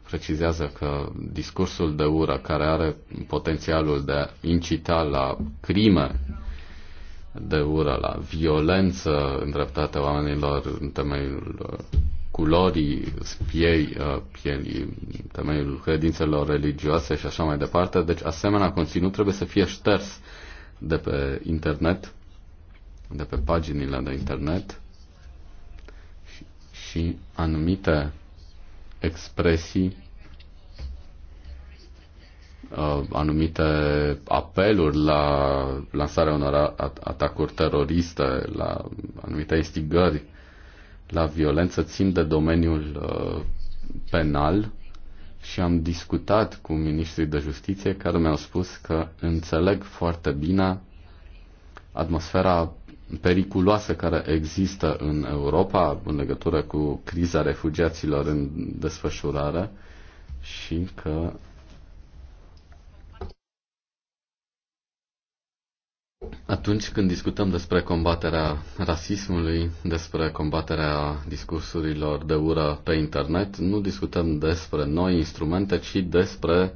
precizează că discursul de ură care are potențialul de a incita la crime de ură, la violență îndreptată oamenilor în temeiul uh, culorii piei, uh, pielii, temeiul credințelor religioase și așa mai departe. Deci asemenea conținut trebuie să fie șters de pe internet, de pe paginile de internet și anumite expresii, uh, anumite apeluri la lansarea unor atacuri teroriste, la anumite instigări la violență țin de domeniul uh, penal și am discutat cu ministrii de justiție care mi-au spus că înțeleg foarte bine atmosfera periculoasă care există în Europa în legătură cu criza refugiaților în desfășurare și că Atunci când discutăm despre combaterea rasismului, despre combaterea discursurilor de ură pe internet, nu discutăm despre noi instrumente, ci despre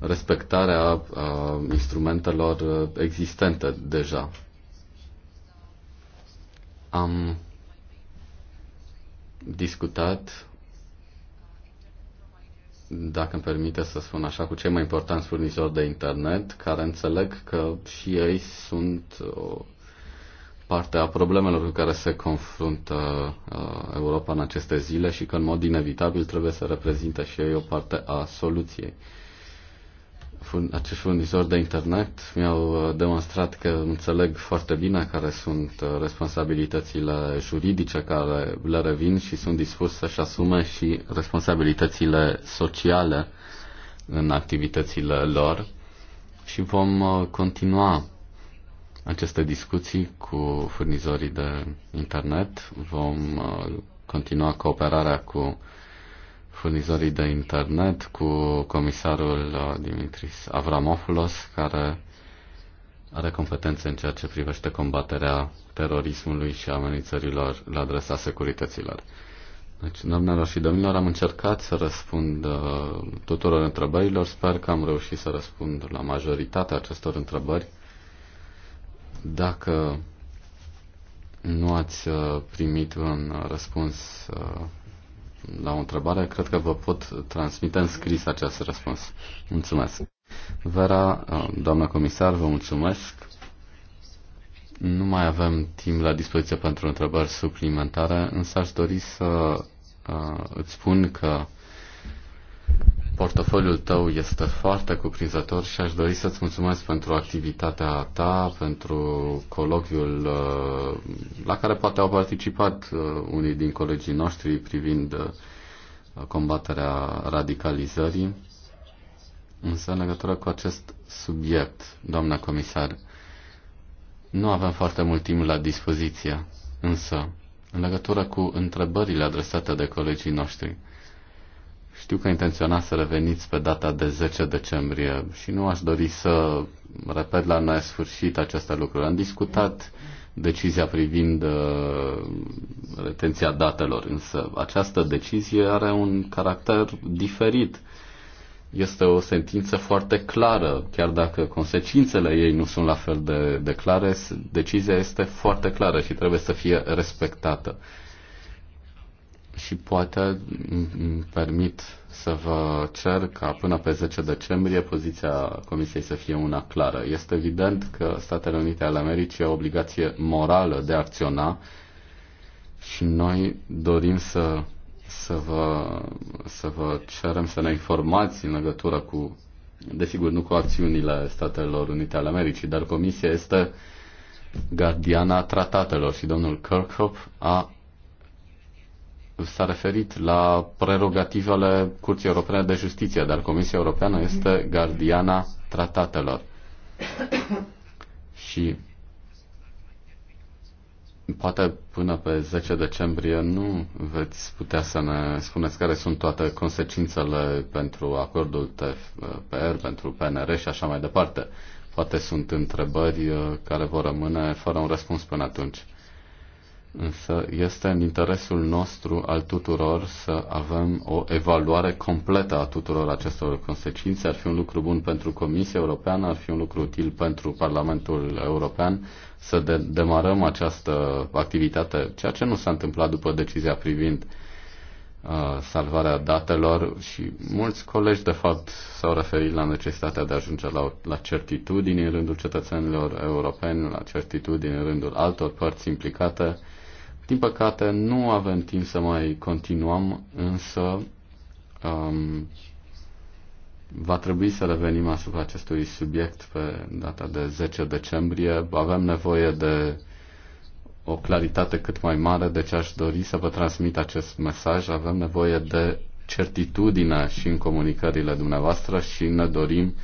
respectarea uh, instrumentelor uh, existente deja. Am discutat, dacă îmi permite să spun așa, cu cei mai importanți furnizori de internet, care înțeleg că și ei sunt o parte a problemelor cu care se confruntă uh, Europa în aceste zile și că în mod inevitabil trebuie să reprezinte și ei o parte a soluției acești furnizori de internet mi-au uh, demonstrat că înțeleg foarte bine care sunt uh, responsabilitățile juridice care le revin și sunt dispus să-și asume și responsabilitățile sociale în activitățile lor și vom uh, continua aceste discuții cu furnizorii de internet, vom continua cooperarea cu furnizorii de internet cu comisarul uh, Dimitris Avramopoulos, care are competențe în ceea ce privește combaterea terorismului și amenințărilor la adresa securităților. Deci, doamnelor și domnilor, am încercat să răspund uh, tuturor întrebărilor. Sper că am reușit să răspund la majoritatea acestor întrebări. Dacă nu ați uh, primit un răspuns la o întrebare, cred că vă pot transmite în scris acest răspuns. Mulțumesc. Vera, uh, doamna comisar, vă mulțumesc. Nu mai avem timp la dispoziție pentru întrebări suplimentare, însă aș dori să uh, îți spun că Portofoliul tău este foarte cuprinzător și aș dori să-ți mulțumesc pentru activitatea ta, pentru colocviul uh, la care poate au participat uh, unii din colegii noștri privind uh, combaterea radicalizării. Însă, în legătură cu acest subiect, doamna comisar, nu avem foarte mult timp la dispoziție, însă, în legătură cu întrebările adresate de colegii noștri, știu că intenționați să reveniți pe data de 10 decembrie și nu aș dori să repet la sfârșit aceste lucruri. Am discutat decizia privind uh, retenția datelor, însă această decizie are un caracter diferit. Este o sentință foarte clară, chiar dacă consecințele ei nu sunt la fel de, de clare, decizia este foarte clară și trebuie să fie respectată. Uh, și poate îmi permit să vă cer ca până pe 10 decembrie poziția Comisiei să fie una clară. Este evident că Statele Unite ale Americii au obligație morală de a acționa și noi dorim să, să, vă, să vă cerem să ne informați în legătură cu, desigur, nu cu acțiunile Statelor Unite ale Americii, dar Comisia este gardiana tratatelor și domnul Kirkhope a s-a referit la prerogativele Curții Europene de Justiție, dar Comisia Europeană este gardiana tratatelor. Și poate până pe 10 decembrie nu veți putea să ne spuneți care sunt toate consecințele pentru acordul TFPR, pentru PNR și așa mai departe. Poate sunt întrebări uh, care vor rămâne fără un răspuns până atunci. Însă este în interesul nostru al tuturor să avem o evaluare completă a tuturor acestor consecințe. Ar fi un lucru bun pentru Comisia Europeană, ar fi un lucru util pentru Parlamentul European să de- demarăm această activitate, ceea ce nu s-a întâmplat după decizia privind uh, salvarea datelor și mulți colegi, de fapt, s-au referit la necesitatea de a ajunge la, la certitudini în rândul cetățenilor europeni, la certitudini în rândul altor părți implicate din păcate, nu avem timp să mai continuăm, însă um, va trebui să revenim asupra acestui subiect pe data de 10 decembrie. Avem nevoie de o claritate cât mai mare, deci aș dori să vă transmit acest mesaj. Avem nevoie de certitudine și în comunicările dumneavoastră și ne dorim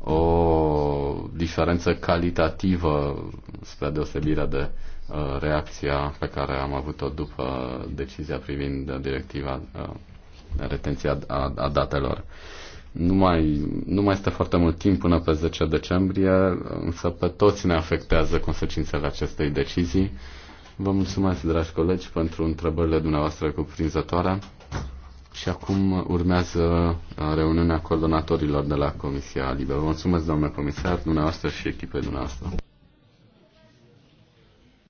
o diferență calitativă spre deosebire de Uh, reacția pe care am avut-o după decizia privind directiva uh, retenția a, datelor. Nu mai, nu mai este foarte mult timp până pe 10 decembrie, însă pe toți ne afectează consecințele acestei decizii. Vă mulțumesc, dragi colegi, pentru întrebările dumneavoastră cuprinzătoare. Și acum urmează uh, reuniunea coordonatorilor de la Comisia Liberă. Vă mulțumesc, doamnă comisar, dumneavoastră și echipei dumneavoastră.